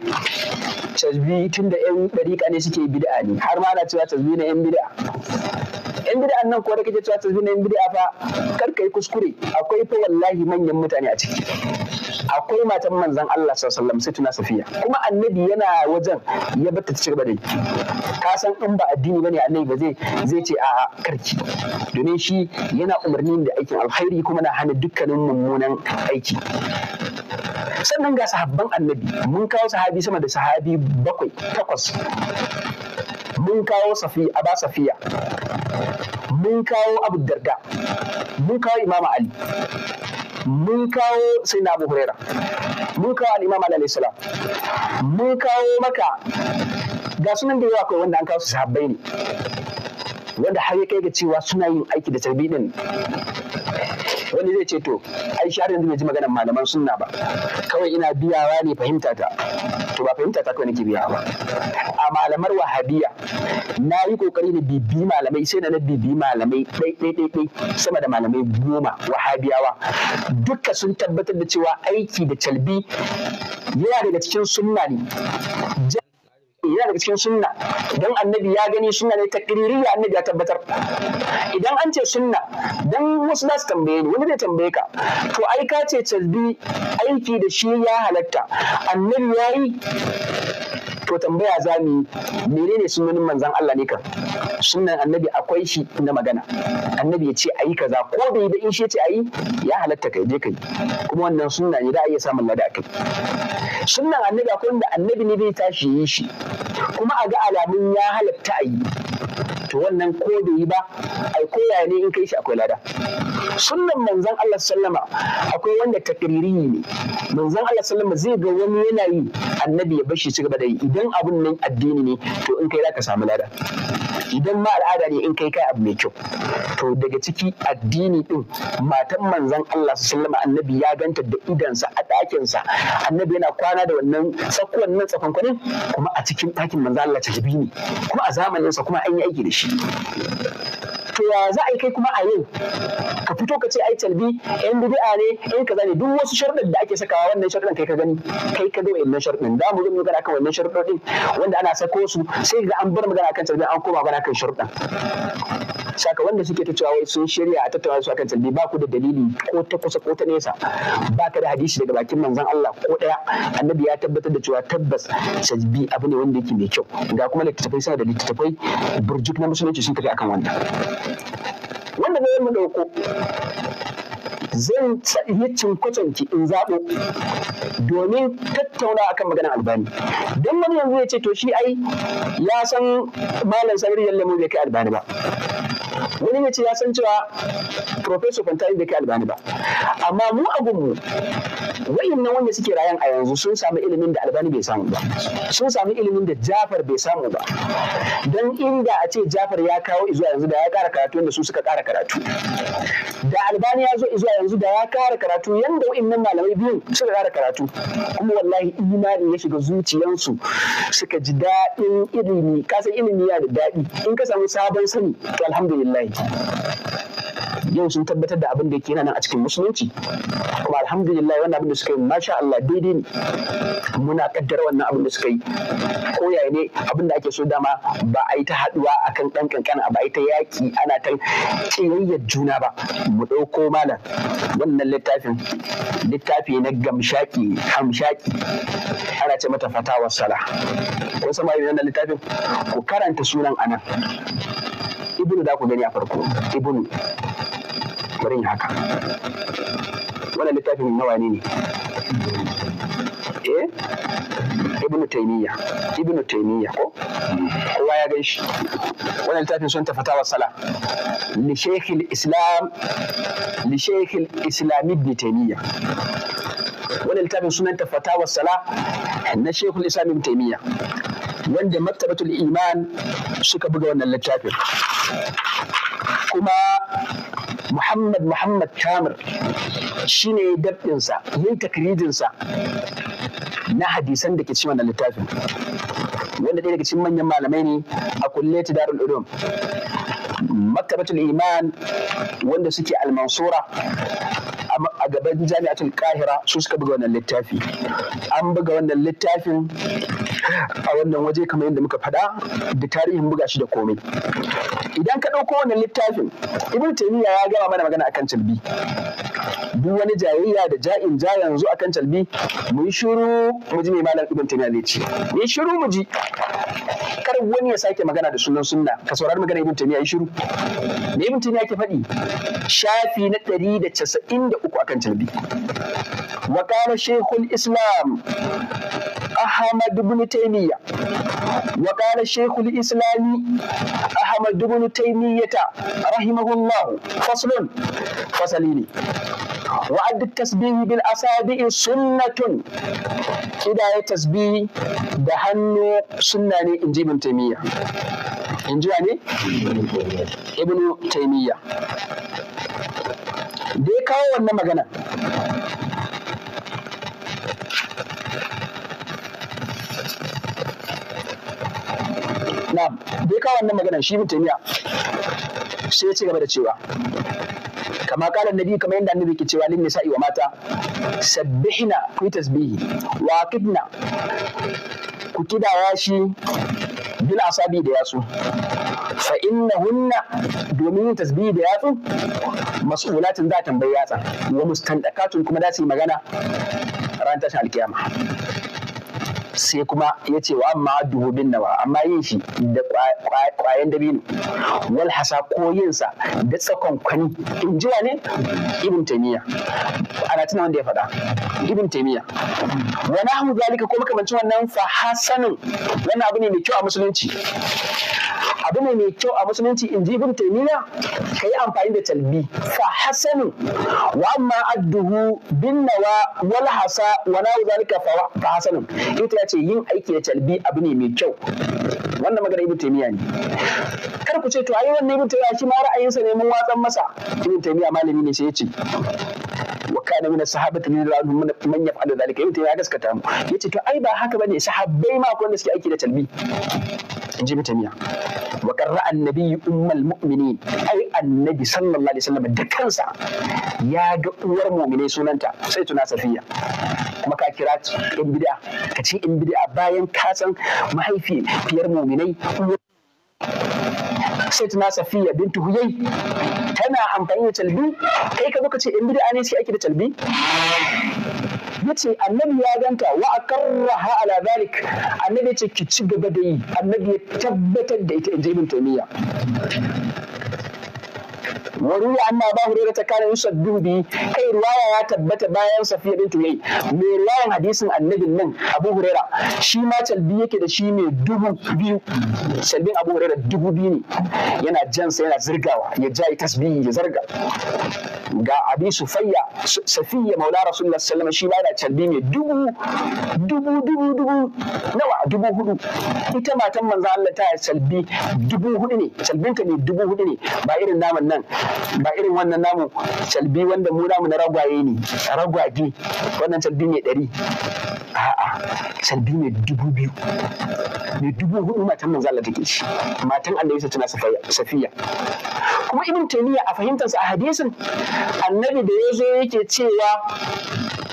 tasbi tunda yan dariƙa ne suke bid'a ne har ma na cewa tasbi na yan bid'a yan bid'an nan ko da kake cewa tasbih na yan bid'a fa kar ka yi kuskure akwai fa wallahi manyan mutane a ciki akwai matan manzon Allah sallallahu alaihi tuna safiya kuma annabi yana wajen ya bata ta cigaba da yi ka san in ba addini bane annabi ba zai zai ce a karki domin shi yana umarni da aikin alkhairi kuma na hana dukkanin mummunan aiki sannan ga sahabban annabi mun kawo sahabi sama da sahabi bakwai takwas mun kawo safi aba safiya mun kawo abu darda mun kawo imama ali mun kawo sai na abu huraira mun kawo al'imam ali salam mun kawo maka ga sunan da yawa kawai wanda an kawo sahabbai ne wanda har ya kai ga cewa suna yin aiki da din. wani zai ce to ai shi har yanzu bai ji maganar malaman sunna ba kawai ina biyawa ne fahimta ta to ba fahimta ta kawai nake biyawa a malamar wahabiya na yi kokari na bibi malamai sai na na bibi malamai ɗai ɗai ɗai sama da malamai goma wahabiyawa duka sun tabbatar da cewa aiki da calbi yana daga cikin sunna ne yana daga cikin sunna don annabi ya gani sunna ne takririya annabi ya tabbatar idan an ce sunna don wasu za su tambaye ni wani zai tambaye ka to ai ka ce calbi aiki da shi ya halatta annabi ya yi to tambaya za mu yi menene sunanin manzan Allah ne kan sunan annabi akwai shi na magana annabi ya ce a yi kaza ko bai da in shi ya ce a yi ya halatta kai je kai kuma wannan sunna ne da a iya samun lada kai sunan annabi akwai wanda annabi ne bai tashi yi shi kuma a ga alamun ya halatta a yi to wannan ko bai yi ba ai ko yaya ne in kai shi akwai lada sunnan manzon Allah sallama akwai wanda takriri ne manzon Allah sallama zai ga wani yana yi annabi ya bashi ci gaba da yi idan abun nan addini ne to in kai za ka samu lada idan ma al'ada ne in kai kai abu mai kyau to daga ciki addini din matan manzon Allah sallama annabi ya ganta da idansa a ɗakinsa annabi yana kwana da wannan tsakuwan nan tsakankanin kuma a cikin ɗakin manzon Allah ta ne kuma a zamanin sa kuma an yi aiki da shi to ya za a yi kai kuma a yau ka fito ka ce ai talbi yan bid'a ne yan kaza ne duk wasu sharuɗan da ake sakawa wannan sharuɗan kai ka gani kai ka ga wannan sharuɗan da mu zo gara akan wannan sharuɗan wanda ana sako su sai ga an bar magana akan talbi an koma magana akan sharuɗan saka wanda suke ta cewa wai sun shirya a tattauna su akan talbi ba ku da dalili ko ta kusa ko ta nesa ba ka da hadisi daga bakin manzon Allah ko daya annabi ya tabbatar da cewa tabbas talbi abu ne wanda yake mai kyau ga kuma littattafai sana da littattafai burjuk na musulunci sun kaje akan wannan wanda ne mu ɗauko zan yi cinkwacanki in zaɓo domin tattauna akan maganar albani don wani yanzu ya ce to shi ai ya san malam yalle yallamu bai kai albani ba wani ya ce ya san cewa professor fantani bai kai albani ba amma mu a gunmu na wanda suke rayan a yanzu sun samu ilimin da albani bai samu ba sun samu ilimin da jafar bai samu ba don inda a ce jafar ya kawo izuwa yanzu da ya kara karatu da su suka kara karatu da albani ya zo izuwa Allah yanzu da ya kara karatu yanda wa'annan malamai biyun suka kara karatu kuma wallahi imani ya shiga zuciyansu suka ji daɗin ilimi kasan ilimi ya da daɗi in ka samu sabon sani to alhamdulillah yau sun tabbatar da abin da yake nan a cikin musulunci kuma alhamdulillah wannan abin da suka yi masha Allah daidai ne muna kaddara wannan abin da suka yi ko yaya ne abin da ake so dama ba a yi ta haduwa akan dan kankan ba a yi ta yaki ana ta kiyayyar juna ba mu ɗauko malam wannan littafin littafi na gamshaki hamshaki ana ce mata fatawar sala ko sama yi wannan littafin ku karanta sunan anan ibnu da ku gani a farko ibnu wurin haka wannan littafin nawa ne ne eh ibnu taymiya ibnu taymiya ko kowa ya gan shi wannan littafin sun tafata fatawa sala li shaykhil islam li shaykhil islam ibnu taymiya wannan littafin sunan tafata fatawa sala na shaykhul islam ibnu taymiya wanda maktabatul iman suka buga wannan littafin kuma muhammad muhammad shi ne dabdinsa yin takridinsa na hadisan da ke cikin wannan littafin wanda ɗaya daga cikin manyan malamai ne a kulle ta darul ulum maktabatul iman wanda suke al-mansura gaban jami'atul kahira su suka buga wannan littafi an buga wannan littafin a wannan waje kamar yadda muka faɗa da tarihin buga shi da komai idan ka ɗauko wannan littafin ibn taymiya ya gama mana magana akan calbi duk wani jayayya da ja'in ja yanzu akan calbi mu yi shiru mu ji mai malam ibn taymiya ne ce mu yi shiru mu ji kar wani ya sake magana da sunan sunna ka saurari magana ibn taymiya yi shiru me ibn taymiya ke faɗi shafi na ɗari da da casa'in uku akan magance bi wa kana shaykhul islam ahmad ibn taymiya wa kana shaykhul islam ahmad ibn taymiya rahimahullah faslun fasalini wa add tasbihi bil asabi sunnatun ida ya tasbihi da hannu suna ne in ji ibn taymiya in ji ne ibn Da ya kawo wannan magana na bai kawo wannan magana shi mutaniya sai ya ci gaba da cewa kama kalan nabi kamar yadda annabi ke cewa lin nisa'i wa mata sabbihina ku tasbihi wa qidna ku kidaya shi bil asabi da yatsu fa hunna domin yin tasbihi da yatsu mas'ulatin za tambayi yatsa wa mustandakatun kuma za su yi magana ran tashin alkiyama sai kuma ya ce wa amma dubobin nawa amma yin shi da kwayan dabino wal hasa ko yin sa da tsakon kwani in ji ne ibn taymiya ana tuna wanda ya faɗa ibn taymiya wa nahmu zalika ko makamancin wannan fa hasanun wannan abu ne mai kyau a musulunci abu ne mai kyau a musulunci in ji ibn taymiya yi amfani da talbi fa hasanun wa amma adduhu bin nawa wal hasa wa nahmu zalika fa hasanun ita ya ce yin aiki da calbi abu ne mai kyau wannan magana ibnu taymiya ne kar ku ce to ai wannan ibnu taymiya shi ma ra'ayinsa ne mun watsan masa ibnu taymiya malami ne sai ya ce wa kana min sahabati min ra'ayhum man yaf'alu dhalika ibnu taymiya gaskata mu yace to ai ba haka bane sahabbai ma ko wanda suke aiki da talbi in ji ibnu taymiya wa qarra'a an ummul mu'minin ai annabi sallallahu alaihi wasallam da kansa ya ga uwar mu'minai sunanta sai tuna safiya kuma ka kira in bid'a ka ce in bid'a bayan ka san mahaifi fiyar mu'minai sai tuna safiya bintu huyai tana amfani da talbi kai ka baka ce in bid'a ne sai ake da talbi yace annabi ya ganta wa akarraha ala zalik annabi yace ki ci gaba da yi annabi ya tabbatar da ita in ibn taymiya wa ruwa anna ba hurairah kana yusaddu bi kai ruwaya ya tabbata bayan safiya bint yayi me riwayan hadisin annabin nan abu hurairah shi ma calbi yake da shi mai dubu biyu calbin abu hurairah dubu biyu ne yana jansa yana zirgawa ya ja tasbihi ya zarga ga abi sufayya safiya maula rasulullah sallallahu shi ba da calbi mai dubu dubu dubu dubu nawa dubu hudu ita matan manzo Allah ta ya calbi dubu hudu ne calbinta ne dubu hudu ne ba irin naman nan ba irin wannan namu calbi wanda mu namu na ragwaye ne ragwage wannan calbi ne ɗari a'a calbi ne dubu biyu ne dubu hudu matan nan Allah take shi matan Allah yasa tana safiya kuma ibn taymiya a sa a hadisin annabi da yazo yake cewa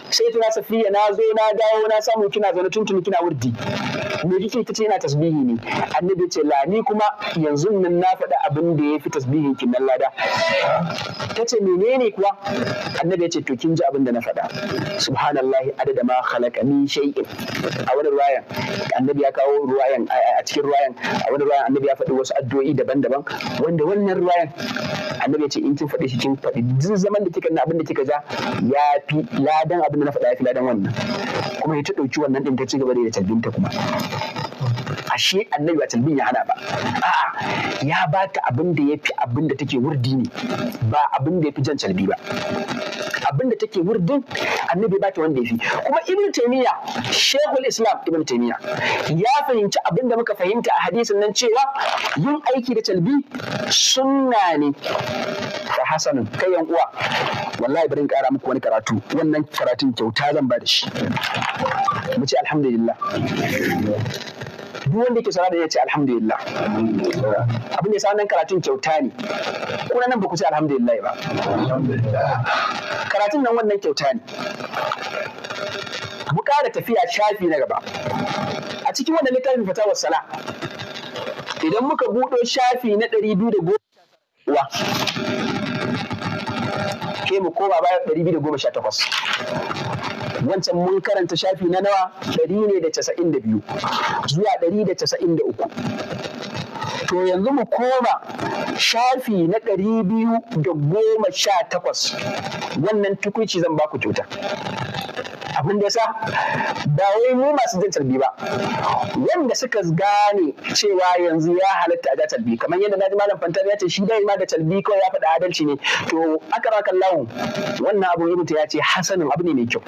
sai tana safiya na zo na dawo na samu kina zaune tuntuni kina wurdi me kike kace yana tasbihi ne annabi ce la ni kuma yanzu nan na faɗa abin da yafi tasbihin kin nan lada ta ce menene kuwa annabi ya ce to kin ji abin da na faɗa subhanallahi adada ma khalaqa min shay'in a wani ruwayan annabi ya kawo ruwayan a cikin ruwayan a wani ruwayan annabi ya faɗi wasu addu'o'i daban-daban wanda wannan ruwayan annabi ya ce in kin faɗi shi kin faɗi duk zaman da kika na abin da kika ja ya fi ladan abin da na faɗa ya fi ladan wannan kuma ya ta ɗauki wannan ɗin ta ci gaba da tabbinta kuma ashe annabi ba talbin ya hana ba a'a ya bata abin da yafi abin da take wurdi ne ba abin da yafi jan talbi ba abin da take wurdin annabi ba ta wanda yafi kuma ibn taymiya shehul islam ibn taymiya ya fahimci abin da muka fahimta a hadisin nan cewa yin aiki da talbi sunna ne fa hasanun kai yan uwa wallahi bari in kara muku wani karatu wannan karatun kyauta zan ba da shi mu ce alhamdulillah duk wanda ke yake da ya ce alhamdulillah abin da sanan karatun kyauta ne ko nan ba ku ce alhamdulillah ba karatun nan wannan kyauta ne mu da tafiya shafi na gaba a cikin wannan littafin fatawa sala idan muka buɗo shafi na ɗari biyu da goma wa sai mu koma baya takwas. wancan mun karanta shafi na nawa ɗari ne da da casa'in biyu zuwa ɗari da da casa'in uku. to yanzu mu koma shafi na ɗari biyu da goma sha takwas wannan tukunci zan baku kyauta abin da sa ba wai mu masu jin tarbi ba wanda suka gane cewa yanzu ya halatta a ga tarbi kamar yadda naji malam fantar ya ce shi dai ma da tarbi kawai ya faɗa adalci ne to aka raka lahu wannan abu ibn ya ce hasanin abu ne mai kyau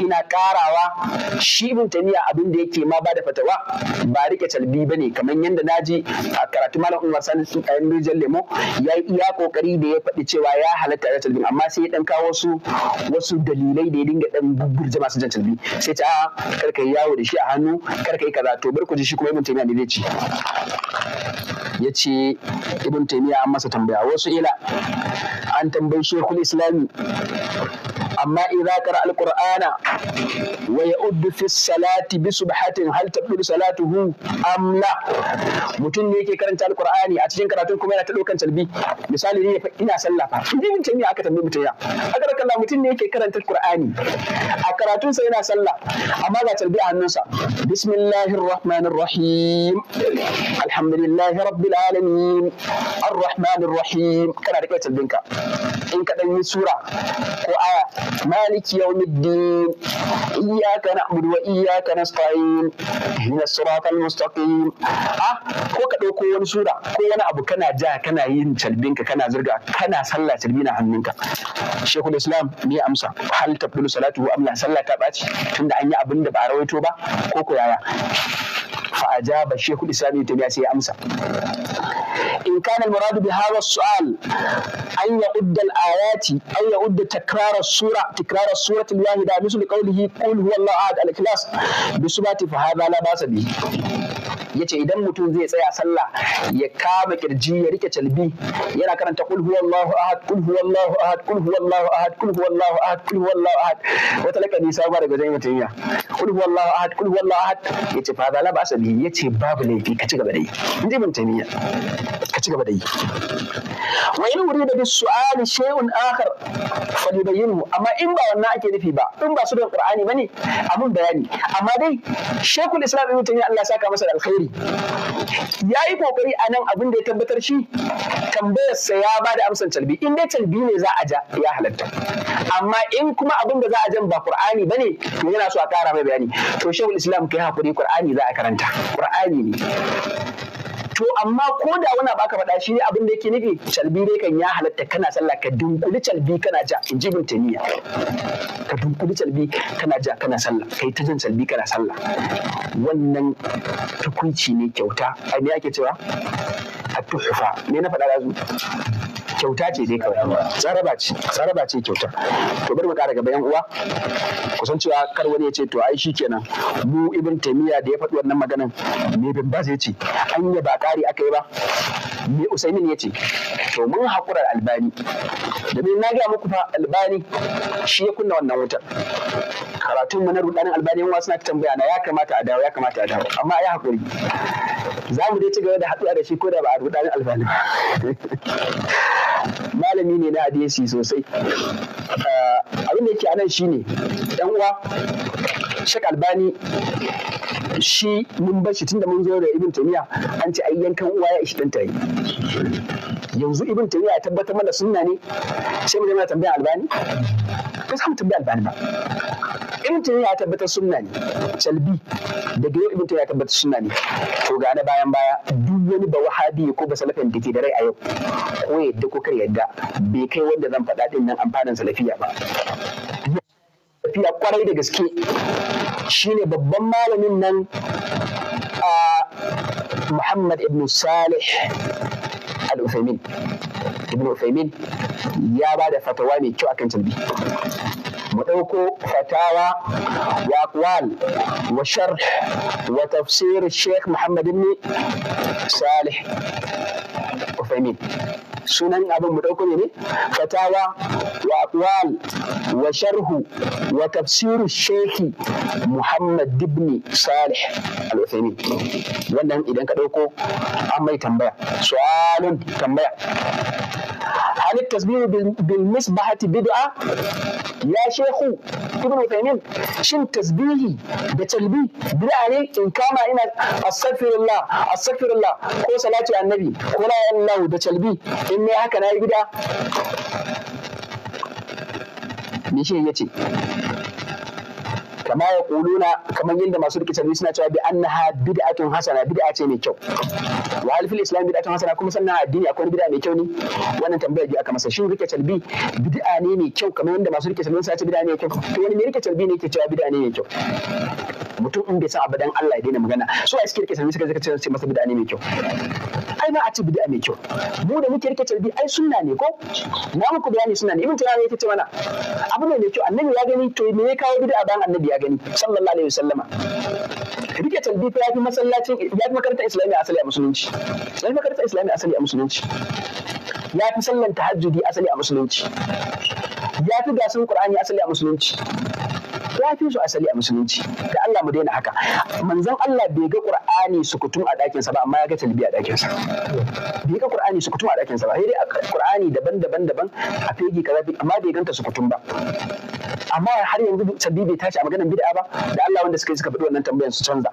ina karawa shi ibn a abin da yake ma ba da fatawa ba rike ba ne kamar yadda naji a karatu malam umar sani su kayan rijiyar lemo ya yi iya kokari da ya faɗi cewa ya halatta a ga amma sai ya ɗan kawo su wasu dalilai da ya dinga ɗan gurgurje jajja masu jan calbi sai ta ah, kar ka yi yawo da shi a hannu kar ka yi kaza to bar ku ji shi kuma ibn taymiya ne zai ci ya ce ibn taymiya an masa tambaya wasu ila an tambayi shekul islami أما إذا قرأ القرآن ويؤد في الصلاة بسبحة هل تبدو صلاته أم لا؟ متن يك كرنت القرآن أتجن كرتون كمان تلو كن سلبي مثال لي إن سلا فا إذا من تمي أكتر من متيا أكتر كلا متن يك كرنت القرآن أكرتون سينا سلا أما لا تلبي عن نسا بسم الله الرحمن الرحيم الحمد لله رب العالمين الرحمن الرحيم كرتون سلبي إنك إنك تلبي سورة وآية مالك يوم الدين إياك نعبد وإياك نستعين من الصراط المستقيم أه ko ka ɗauko wani sura ko wani abu kana ja kana yin calbinka kana zirga kana sallah calbina hannunka shekul islam me amsa hal tabdulu salatu wa amla sallah ta ɓaci tunda an yi abin da ba a rawaito ba ko ko yaya fa ajaba shekul islam ibn taymiya sai ya amsa in kana al-muradu bi hadha as-su'al an ya'udda al-ayati an ya'udda takrar as-sura takrar as surat al-wahida misl qawlihi qul huwa allah ahad al-ikhlas bi subati fa hadha la ba'sa bihi yace idan mutum zai tsaya sallah ya kama kirji ya rike talbi yana karanta qul huwa allah ahad qul huwa allah ahad qul huwa allah ahad qul huwa allah ahad qul huwa allah ahad wata lakani sabuwa daga jami'a qul huwa allah ahad qul huwa allah ahad yace fa hadha la ba'sa Yi ya ce babu laifi ka ci gaba da yi in ji tamiya ka ci gaba da yi wa in wuri da su'ali shay'un akhar fa bayyinu amma in ba wannan ake nufi ba in ba su da qur'ani bane amun bayani amma dai shaykhul islam ibn taymiyyah Allah saka masa da alkhairi ya kokari a nan abin da ya tabbatar shi tambayar sa ya ba da amsan talbi in dai talbi ne za a ja ya halatta amma in kuma abin da za a jan ba qur'ani bane to yana so a kara mai bayani to shaykhul islam kai hakuri qur'ani za a karanta ƙur'ani ne to amma ko da wani ba ka faɗa shi ne abin da yake nufi calbi dai kan ya halatta kana sallah ka dunkuli calbi kana ja in ji bin taniya ka dunkuli calbi kana ja kana sallah kai ta jin calbi kana sallah wannan tukunci ne kyauta a me ake cewa a tuhufa ne na faɗa lazu kyauta ce dai kawai saraba ce saraba ce kyauta to bari mu kara gaba yan uwa kusan cewa kar wani ya ce to ai shikenan mu ibn taymiya da ya faɗi wannan maganan ne bin ba zai ce an yaba ƙari aka yi ba me usaimin ya ce to mun haƙura albani domin na gaya muku fa albani shi ya kunna wannan wutar karatun mu na rudanin albani yan suna ta tambaya na ya kamata a dawo ya kamata a dawo amma ya haƙuri za mu dai ci gaba da haɗuwa da shi ko da ba a rudanin albani malami ne na hadisi sosai ah, abin da yake anan shine yan uwa Sheikh albani shi mun bar shi tunda mun zo da ibn taymiya an ce ai yankan uwa ya ishi dan tayi yanzu ibn taymiya ya tabbatar mana sunna ne sai mu zama tambaya albani ba za mu tambaya albani ba ibn taymiya ya tabbatar sunna ne Chalbi da gare ibn taymiya ya tabbatar sunna ne to ga na bayan baya duk wani ba wahabi ko ba salafin da ke da rai a yau ko yadda ko kar yadda bai kai wanda zan faɗa din nan amfanin salafiya ba tafiya kwarai da gaske shine babban malamin nan a Muhammad ibn Salih al-Uthaymin ibn Uthaymin ya ba da fatawa mai kyau akan talbi mu ɗauko fatawa wa wa sharh wa tafsir Sheikh Muhammad ibn Salih Uthaymin sunan abin mu dauko ne fatawa wa aqwal wa sharhu wa tafsiru sheki muhammad ibn salih al wannan idan ka dauko an mai tambaya su'alun tambaya عن التشبيه بالمسبحة بدعة يا شيخ ابن عثيمين شن tasbihi da calbi, bid'a ne in kama ina astaghfirullah astaghfirullah ko salatu annabi ko la ilaha da calbi, in ne haka na yi gida me shi kama ya kuluna kamar yadda masu rikice biyu suna cewa bi annaha bid'atun hasana bid'a ce mai kyau wa hal fil islam bid'atun hasana kuma sannan addini akwai bid'a mai kyau ne wannan tambayar biyu aka masa shin rike talbi bid'a ne mai kyau kamar yadda masu rike talbi suna ce bid'a ne mai kyau to wani mai rike talbi ne ke cewa bi bid'a ne mai kyau mutum in bai san abadan Allah ya daina magana so a cikin rike talbi suka ce masa bid'a ne mai kyau ai ma a ci bid'a mai kyau mu da muke rike tarbi ai sunna ne ko na muku bayani sunna ne ibn taymiya yake ce mana abu ne mai kyau annabi ya gani to me ya kawo bid'a bayan annabi ya gani sallallahu alaihi wasallama rike tarbi ya fi masallacin fi makarantar islamiyya asali a musulunci Ya fi makarantar islamiyya asali a musulunci ya fi sallan tahajjudi asali a musulunci ya fi gasin qur'ani asali a musulunci ya su asali a musulunci da Allah mu daina haka manzon Allah bai ga Qur'ani sukutun a dakin sa ba amma ya ga talbi a dakin sa bai ga Qur'ani sukutun a dakin sa ba sai dai Qur'ani daban-daban daban a fegi kaza amma bai ganta sukutun ba amma har yanzu sabbi bai tashi a maganar bid'a ba da Allah wanda suka yi suka faɗi wannan tambayar su canza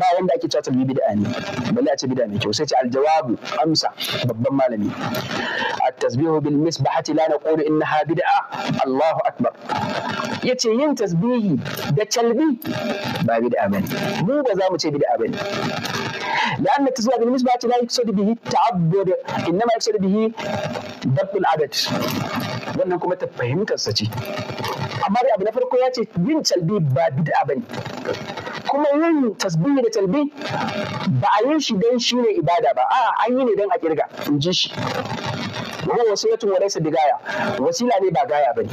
ba wanda ake cewa talbi bid'a ne balle a ce bid'a ne kyau sai ce aljawabu amsa babban malami at-tasbihu bil misbahati la naqulu innaha bid'a Allahu akbar yace yin tasbih tarihi da calbi ba mu ba za mu ce bid'a bane لأن التسويق بالنسبة لا يقصد به التعبد إنما يقصد به ضبط العدد wannan kuma ta fahimtar sa ce amma dai abu na farko ya ce yin calbi ba bid'a bane kuma yin tasbihi da calbi ba a yi shi don shi ne ibada ba a an yi ne don a kirga in ji shi wa wadai su bi bigaya wasila ne ba gaya bane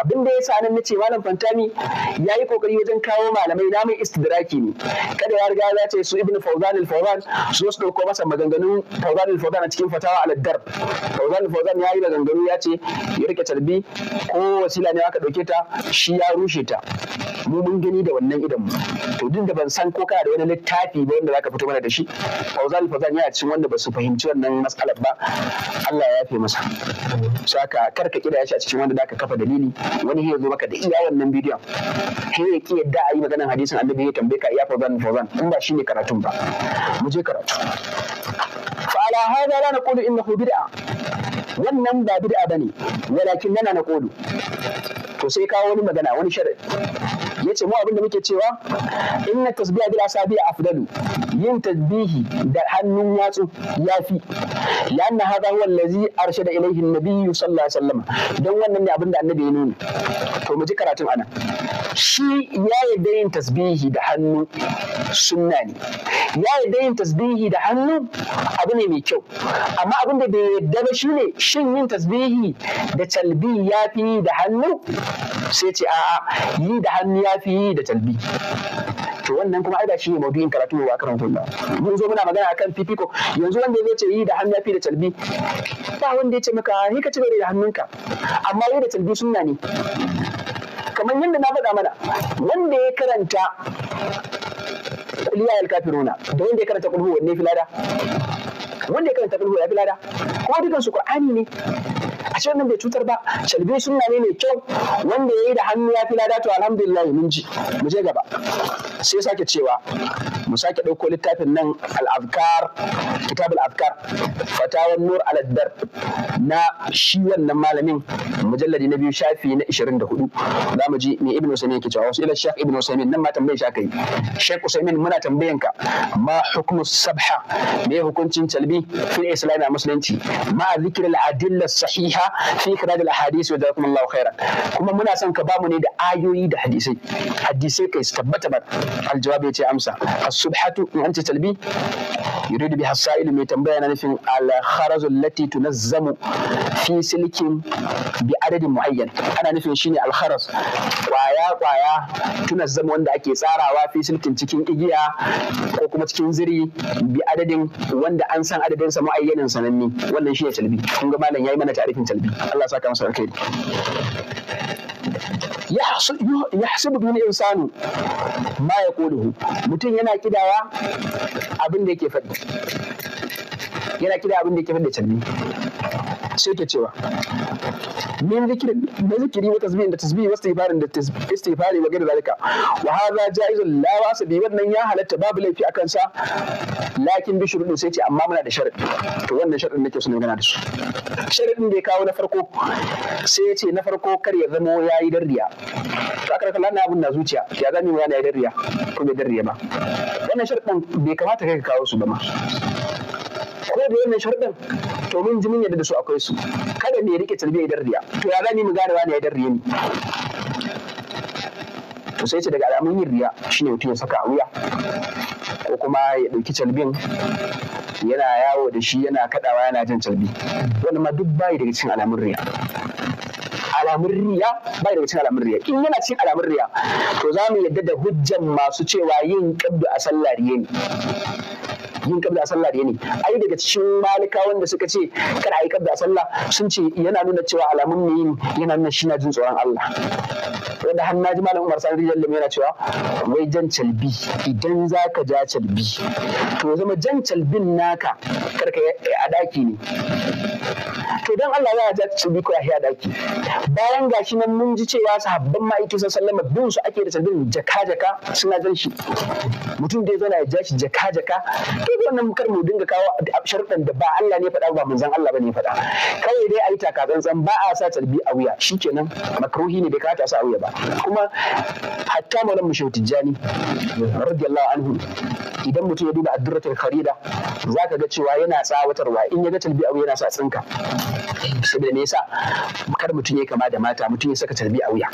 abin da ya sa nan nace malam fantami Fauzani ya yi kokari wajen kawo malamai Na mai istidraki ne kada ya riga ya ce su Ibn Fauzan al-Fauzan su su dauko masa maganganun Fauzan al-Fauzan a cikin fatawa al-Darb Fauzan al-Fauzan ya yi maganganu ya ce ya rike tarbi ko wasila ne aka dauke ta shi ya rushe ta mu mun gani da wannan idan mu to din da ban san ko kana da wani littafi ba wanda zaka fito mana da shi Fauzan al-Fauzan ya ci wanda ba su fahimci wannan mas'alar ba Allah ya yafe masa saka karka kida ya shi a cikin wanda zaka kafa dalili wani ya zo maka da iya wannan bi bidiyon shi ne ki yadda a yi maganar hadisin annabi ya tambaye ka iya fauzan fauzan in ba shi ne karatun ba mu je karatu fa ala hada la naqulu innahu bid'a wannan ba bid'a bane walakin yana na kolu to sai kawo wani magana wani sharri yace mu abin da muke cewa inna tasbiha bil asabi afdalu yin tasbihi da hannun yatsu yafi lanna hadha huwa allazi arshada ilayhi an-nabiy sallallahu alaihi wasallam dan wannan ne abin da annabi ya nuna to mu ji karatun ana. shi ya yadda yin tasbihi da hannu sunna ne ya yadda yin tasbihi da hannu abu ne mai kyau amma abin da bai yadda ba shine shin yin tasbihi da talbi ya fi yi da hannu sai ce a'a yi da hannu ya fi yi da talbi to wannan kuma aida shi ne maudu'in karatu wa karan kulla mun zo muna magana akan fifiko yanzu wanda ya ce yi da hannu ya fi da talbi ba wanda ya ce maka ni ka ci da hannunka amma yi da talbi sunna ne kamar yadda na faɗa mana wanda ya karanta liya al-kafiruna da wanda ya karanta kulhu wanne filada wanda ya karanta kulhu ya filada kuma dukansu qur'ani ne a ce wannan bai cutar ba shalbe suna ne mai kyau wanda ya yi da hannu ya fi ladatu alhamdulillah mun ji mu je gaba sai sake cewa mu sake ɗauko littafin nan al-afkar kitab afkar fatawan nur al-adbar na shi wannan malamin mujalladi na biyu shafi na 24 za mu ji me ibn usaymin yake cewa wasu ila shaykh ibn usaymin nan ma tambaye shi akai shaykh usaymin muna tambayan ka ma hukmu sabha me hukuncin talbi fil islami a musulunci ma zikr al-adilla sahih sahiha fi kiradul ahadith wa jazakumullahu khairan kuma muna son ka bamu ne da ayoyi da hadisai hadisai kai su tabbata ba aljawabi ya ce amsa as-subhatu in anta talbi yuridu biha sa'il mai tambaya na nufin al kharaz allati tunazzamu fi silkin bi adadin muayyan ana nufin shine al-kharaz kwaya kwaya tunazzamu wanda ake tsarawa fi silkin cikin igiya ko kuma cikin ziri bi adadin wanda an san adadin sa muayyanin sananni wannan shine talbi kun ga malam yayi mana Ibrahim talbi Allah saka masa alkhairi ya hasibu bin insanu ma ya koduhu mutum yana kidawa abin da yake faɗi yana kidawa abin da yake faɗi da talbi sai ke cewa min zikiri na zikiri wa tasbihin da tasbihi wa istighfarin da istighfari wa gaira zalika wa hadha jaizun la wasa bi wannan ya halatta babu laifi akan sa lakin bi shurudin sai ce amma muna da sharadi to wannan sharadin nake so ne magana da su sharadin da ya kawo na farko sai ya ce na farko kar ya zamo yayi darriya to aka kalla abun na zuciya ya zami wani yayi darriya ko bai darriya ba wannan sharadin bai kamata kai ka kawo su ba ma ko da wannan sharɗin to mun ji mun yadda da su akwai su kada me rike tarbiya idan riya to ya zani mu gane wani ya riya ne to sai ce daga alamun yin riya shine mutum ya saka wuya ko kuma ya ɗauki calbin yana yawo da shi yana kaɗawa yana jan calbi Wani ma duk bayi daga cikin alamun riya alamun riya bai daga cin alamun riya in yana cin alamun riya to za mu yadda da hujjan masu cewa yin kaddu a sallah riya ne yin kabda sallah da ne ai daga cikin malika wanda suka ce kada ai kabda sallah sun ce yana nuna cewa alamun ne yin yana nuna shi na jin tsoron Allah wanda har naji malam Umar alaihi wasallam yana cewa wai jan calbi idan zaka ja calbi to zama jan calbin naka karka a daki ne to dan Allah ya ja calbi ko ya daki bayan gashi nan mun ji cewa sahabban alaihi sallama bin su ake da calbin jaka jaka suna jan shi mutum da ya na ya ja shi jaka jaka wannan kar mu dinga kawo sharuɗan da ba Allah ne faɗa ba manzon Allah bane faɗa kai dai ayi taka tsantsan ba a sa talbi a wuya shikenan makruhi ne bai kata sa a wuya ba kuma hatta malam mushe tijjani radiyallahu anhu idan mutum ya duba addurratul kharida zaka ga cewa yana tsawatarwa in ya ga talbi a wuya yana sa tsinka saboda me yasa kar mutum ya kama da mata mutum ya saka talbi a wuya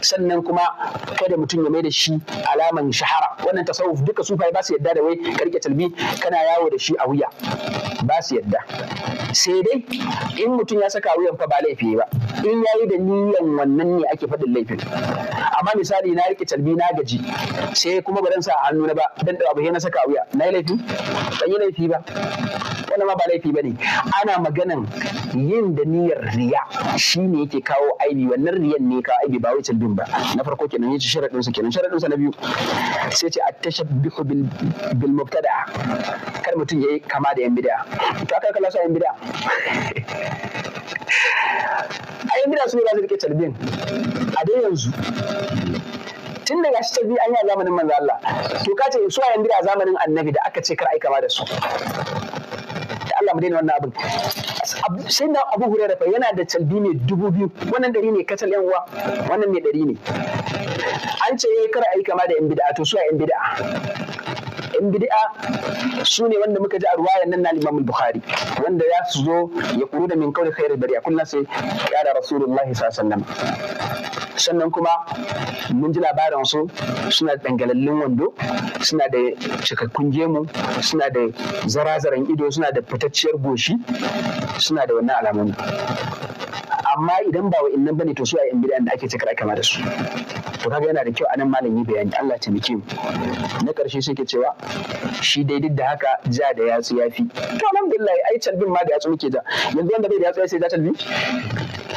sannan kuma kada mutum ya mai da shi alaman shahara wannan tasawuf duka sufai ba su yadda da wai karke talbi kana yawo da shi a wuya ba su yadda sai dai in mutum ya saka wuyan fa ba laifi ba in ya yi da niyan wannan ne ake faɗin laifin amma misali na rike talbi na gaji sai kuma ba zan sa hannu na ba dan da abu na saka wuya na yi laifi ban yi laifi ba wannan ma ba laifi ba ne ana maganan yin da niyyar riya shine yake kawo aibi wannan riyan ne kawo aibi ba wai hadisin ba na farko kenan yace sharadin sa kenan sharadin sa na biyu sai ce at tashabbihu bil bil mubtada kar mutum yayi kama da yan bid'a to aka kalla su yan bid'a a yan bid'a su ne za su rike talbin a dai yanzu tun daga shi talbi an yi a zamanin manzo Allah to ka ce su a yan bid'a zamanin annabi da aka ce kar ai kama da su Allah mu daina wannan abin sai da abu hurairar fa yana da calbi ne dubu biyu wannan dari ne kacal yan uwa wannan ne dari ne an ce eh, kar a yi kama da yan bid'a to su a yan bid'a yan bid'a su ne wanda muka ji a ruwayan nan na Imam Bukhari wanda ya su zo ya kuru da min kauli khairul bariya kullun sai kada Rasulullahi sallallahu alaihi wasallam sannan kuma mun ji labarin su suna da dangalallin wando suna da cikakkun gemu suna da zarazaran ido suna da fitacciyar goshi suna da wannan alamomi amma idan ba wa'annan bane to su a yan da ake cikar kama da su to kaga yana da kyau anan malami bayani Allah ta mu. na karshe sai ke cewa shi dai duk da haka ja da yatsu yafi to alhamdulillah ai talbin ma da yatsu muke da yanzu wanda bai da yatsu sai ja talbi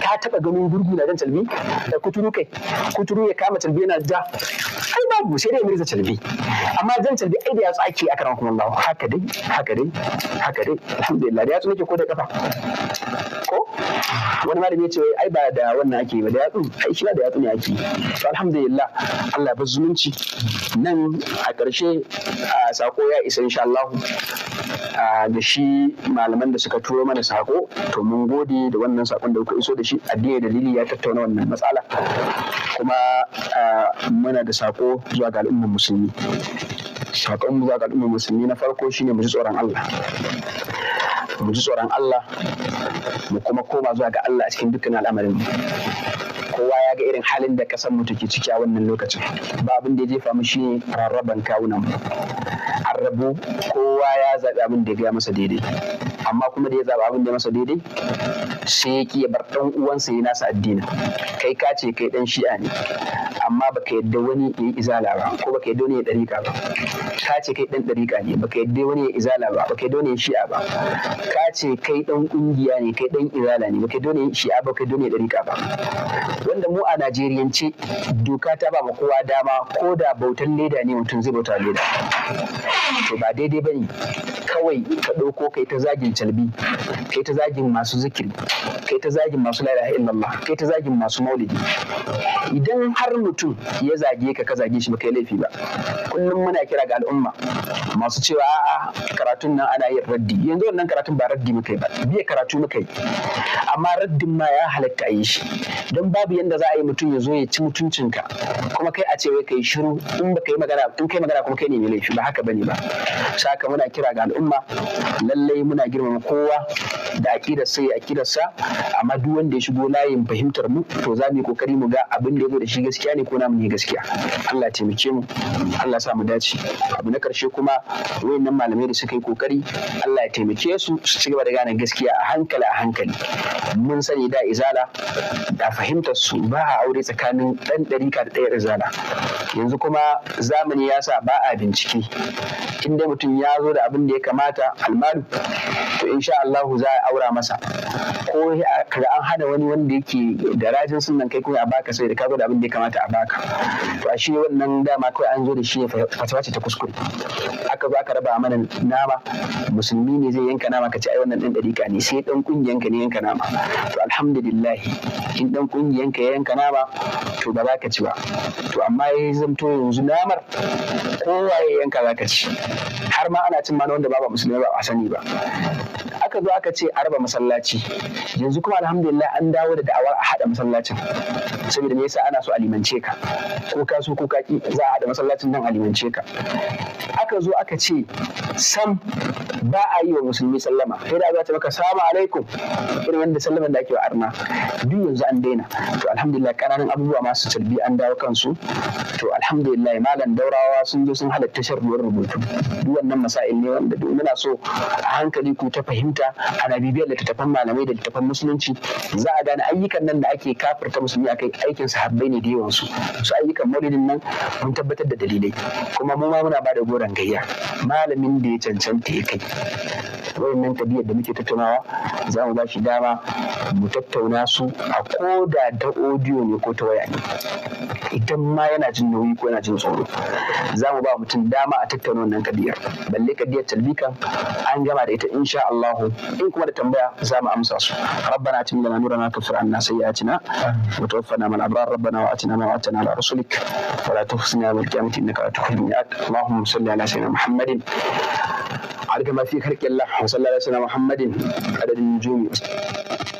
ka taba ganin gurgu na dan talbi da kuturu kai kuturu ya kama talbi yana ja ai babu sai dai mirza talbi amma jan talbi ai da yatsu ake karan kuma Allah haka dai haka dai haka dai alhamdulillah da yatsu nake ko da kafa ko wani malami ya ce ai ba da wannan ake ba da yatsu ai kira da yatsu ne ake to alhamdulillah Allah ya zumunci nan a ƙarshe a sako ya isa insha Allah da shi malaman da suka turo mana sako to mun gode da wannan sakon da kuka iso da shi addini dalili ya tattauna wannan matsala kuma muna da sako zuwa ga al'ummar musulmi sakon mu za ka ɗumma musulmi na farko shine mu ji tsoron Allah mu ji tsoron Allah mu kuma koma zuwa ga Allah a cikin dukkan al'amarin mu kowa ya ga irin halin da kasan mu take ciki a wannan lokacin ba abin da ya jefa mu shine rarraban kawunan mu an rabu kowa ya zaɓi abin da ya masa daidai amma kuma da ya zaɓi abin da ya masa daidai sai ya ki ya bar ɗan uwansa ya nasa addini kai ka ce kai ɗan shi'a ne amma baka yadda wani ya yi izala ba ko baka yadda wani ya ɗarika ba ka ce kai ɗan ɗarika ne baka yadda wani ya izala ba baka yadda wani ya shi'a ba ka ce kai ɗan ƙungiya ne kai ɗan izala ne baka yadda wani ya shi'a ba baka yadda wani ya ɗariƙa ba wanda mu a Najeriyance doka ta ba kowa dama ko da bautan leda ne mutum zai bauta leda to ba daidai bane kawai ka ɗauko kai ta zagin calbi kai ta zagin masu zikiri kai ta zagin masu la ilaha illallah kai ta zagin masu maulidi idan har mutum ya zage ka ka zage shi ba kai laifi ba kullum muna kira ga al'umma masu cewa a'a karatun nan ana yin raddi yanzu wannan karatun ba raddi muka yi ba biya karatu muka yi amma raddin ma ya halatta a yi shi don babu yanda za a yi mutum ya zo ya ci mutuncinka kuma kai a ce wai kai shiru in baka yi magana in kai magana kuma kai ne mai laifi ba haka bane ba saka muna kira ga al'umma lallai muna girmama kowa da akidar sai akidar sa amma duk wanda ya shigo layin fahimtar mu to za mu yi kokari mu ga abin da ya da shi gaskiya ne ko na mu ne gaskiya Allah taimake mu Allah sa mu dace abu na karshe kuma wayannan malamai da suka yi kokari Allah ya taimake su su ci gaba da gane gaskiya a hankali a hankali mun sani da izala da fahimtar su su ba a aure tsakanin ɗan ɗarika da ɗaya izala yanzu kuma zamani ya sa ba a bincike inda mutum ya zo da abin da ya kamata almalu to insha Allahu za a aura masa ko kaga an hada wani wanda yake da rajin sunan kai kuma a baka sai da ka zo da abin da ya kamata a baka to a shi wannan dama kawai an zo da shi fatawa ce ta kuskure aka zo aka raba mana nama musulmi ne zai yanka nama ka ci ai wannan ɗan ka ne sai ɗan kungiyanka ne yanka nama to alhamdulillah in ɗan kungiyanka ka yanka nama to ba za ka ci ba to amma ya zamto yanzu namar kowa waye yanka za ka ci har ma ana cin ma wanda ba musulmi ba a sani ba aka zo aka ce a raba masallaci yanzu kuma alhamdulillah an dawo da da'awar a haɗa masallacin saboda me yasa ana so a limance ka ko ka so ko ka ki za a haɗa masallacin nan a limance ka aka zo aka ce sam ba a yi wa musulmi sallama sai da za ta maka salamu alaikum irin wanda sallaman da ake wa arna duk yanzu an daina to alhamdulillah ƙananan abubuwa masu tarbi an dawo kansu to alhamdulillah malam daurawa sun zo sun halatta sharruwar rubutu duk wannan masail ne wanda muna so a hankali ku ta fahimta ana bibiyar littattafan malamai da littattafan musulunci za a gane ayyukan nan da ake kafirta musulmi akai aikin sahabbai ne da yawan su su ayyukan maulidin nan mun tabbatar da dalilai kuma mu ma muna bada goron gayya malamin da ya cancanta ya kai wayannan tabiyar da muke tattaunawa za mu ba shi dama mu tattauna su a koda da ta audio ne ko ta waya Ita ma yana jin nauyi ko yana jin tsoro za mu ba mutum dama a tattauna wannan kadiyar balle kadiyar talbika an gama da ita insha Allah in kuma da tambaya za mu amsa su rabbana atina lana nurana kaffir anna sayyatina wa tawaffana mal abrar rabbana wa atina ma wa'adtana ala rusulik wa la tukhzina yawmal qiyamati innaka la tukhzil mi'ad allahumma salli ala sayyidina muhammadin عارف ما في خلق الله وصلى على سيدنا محمد عدد النجوم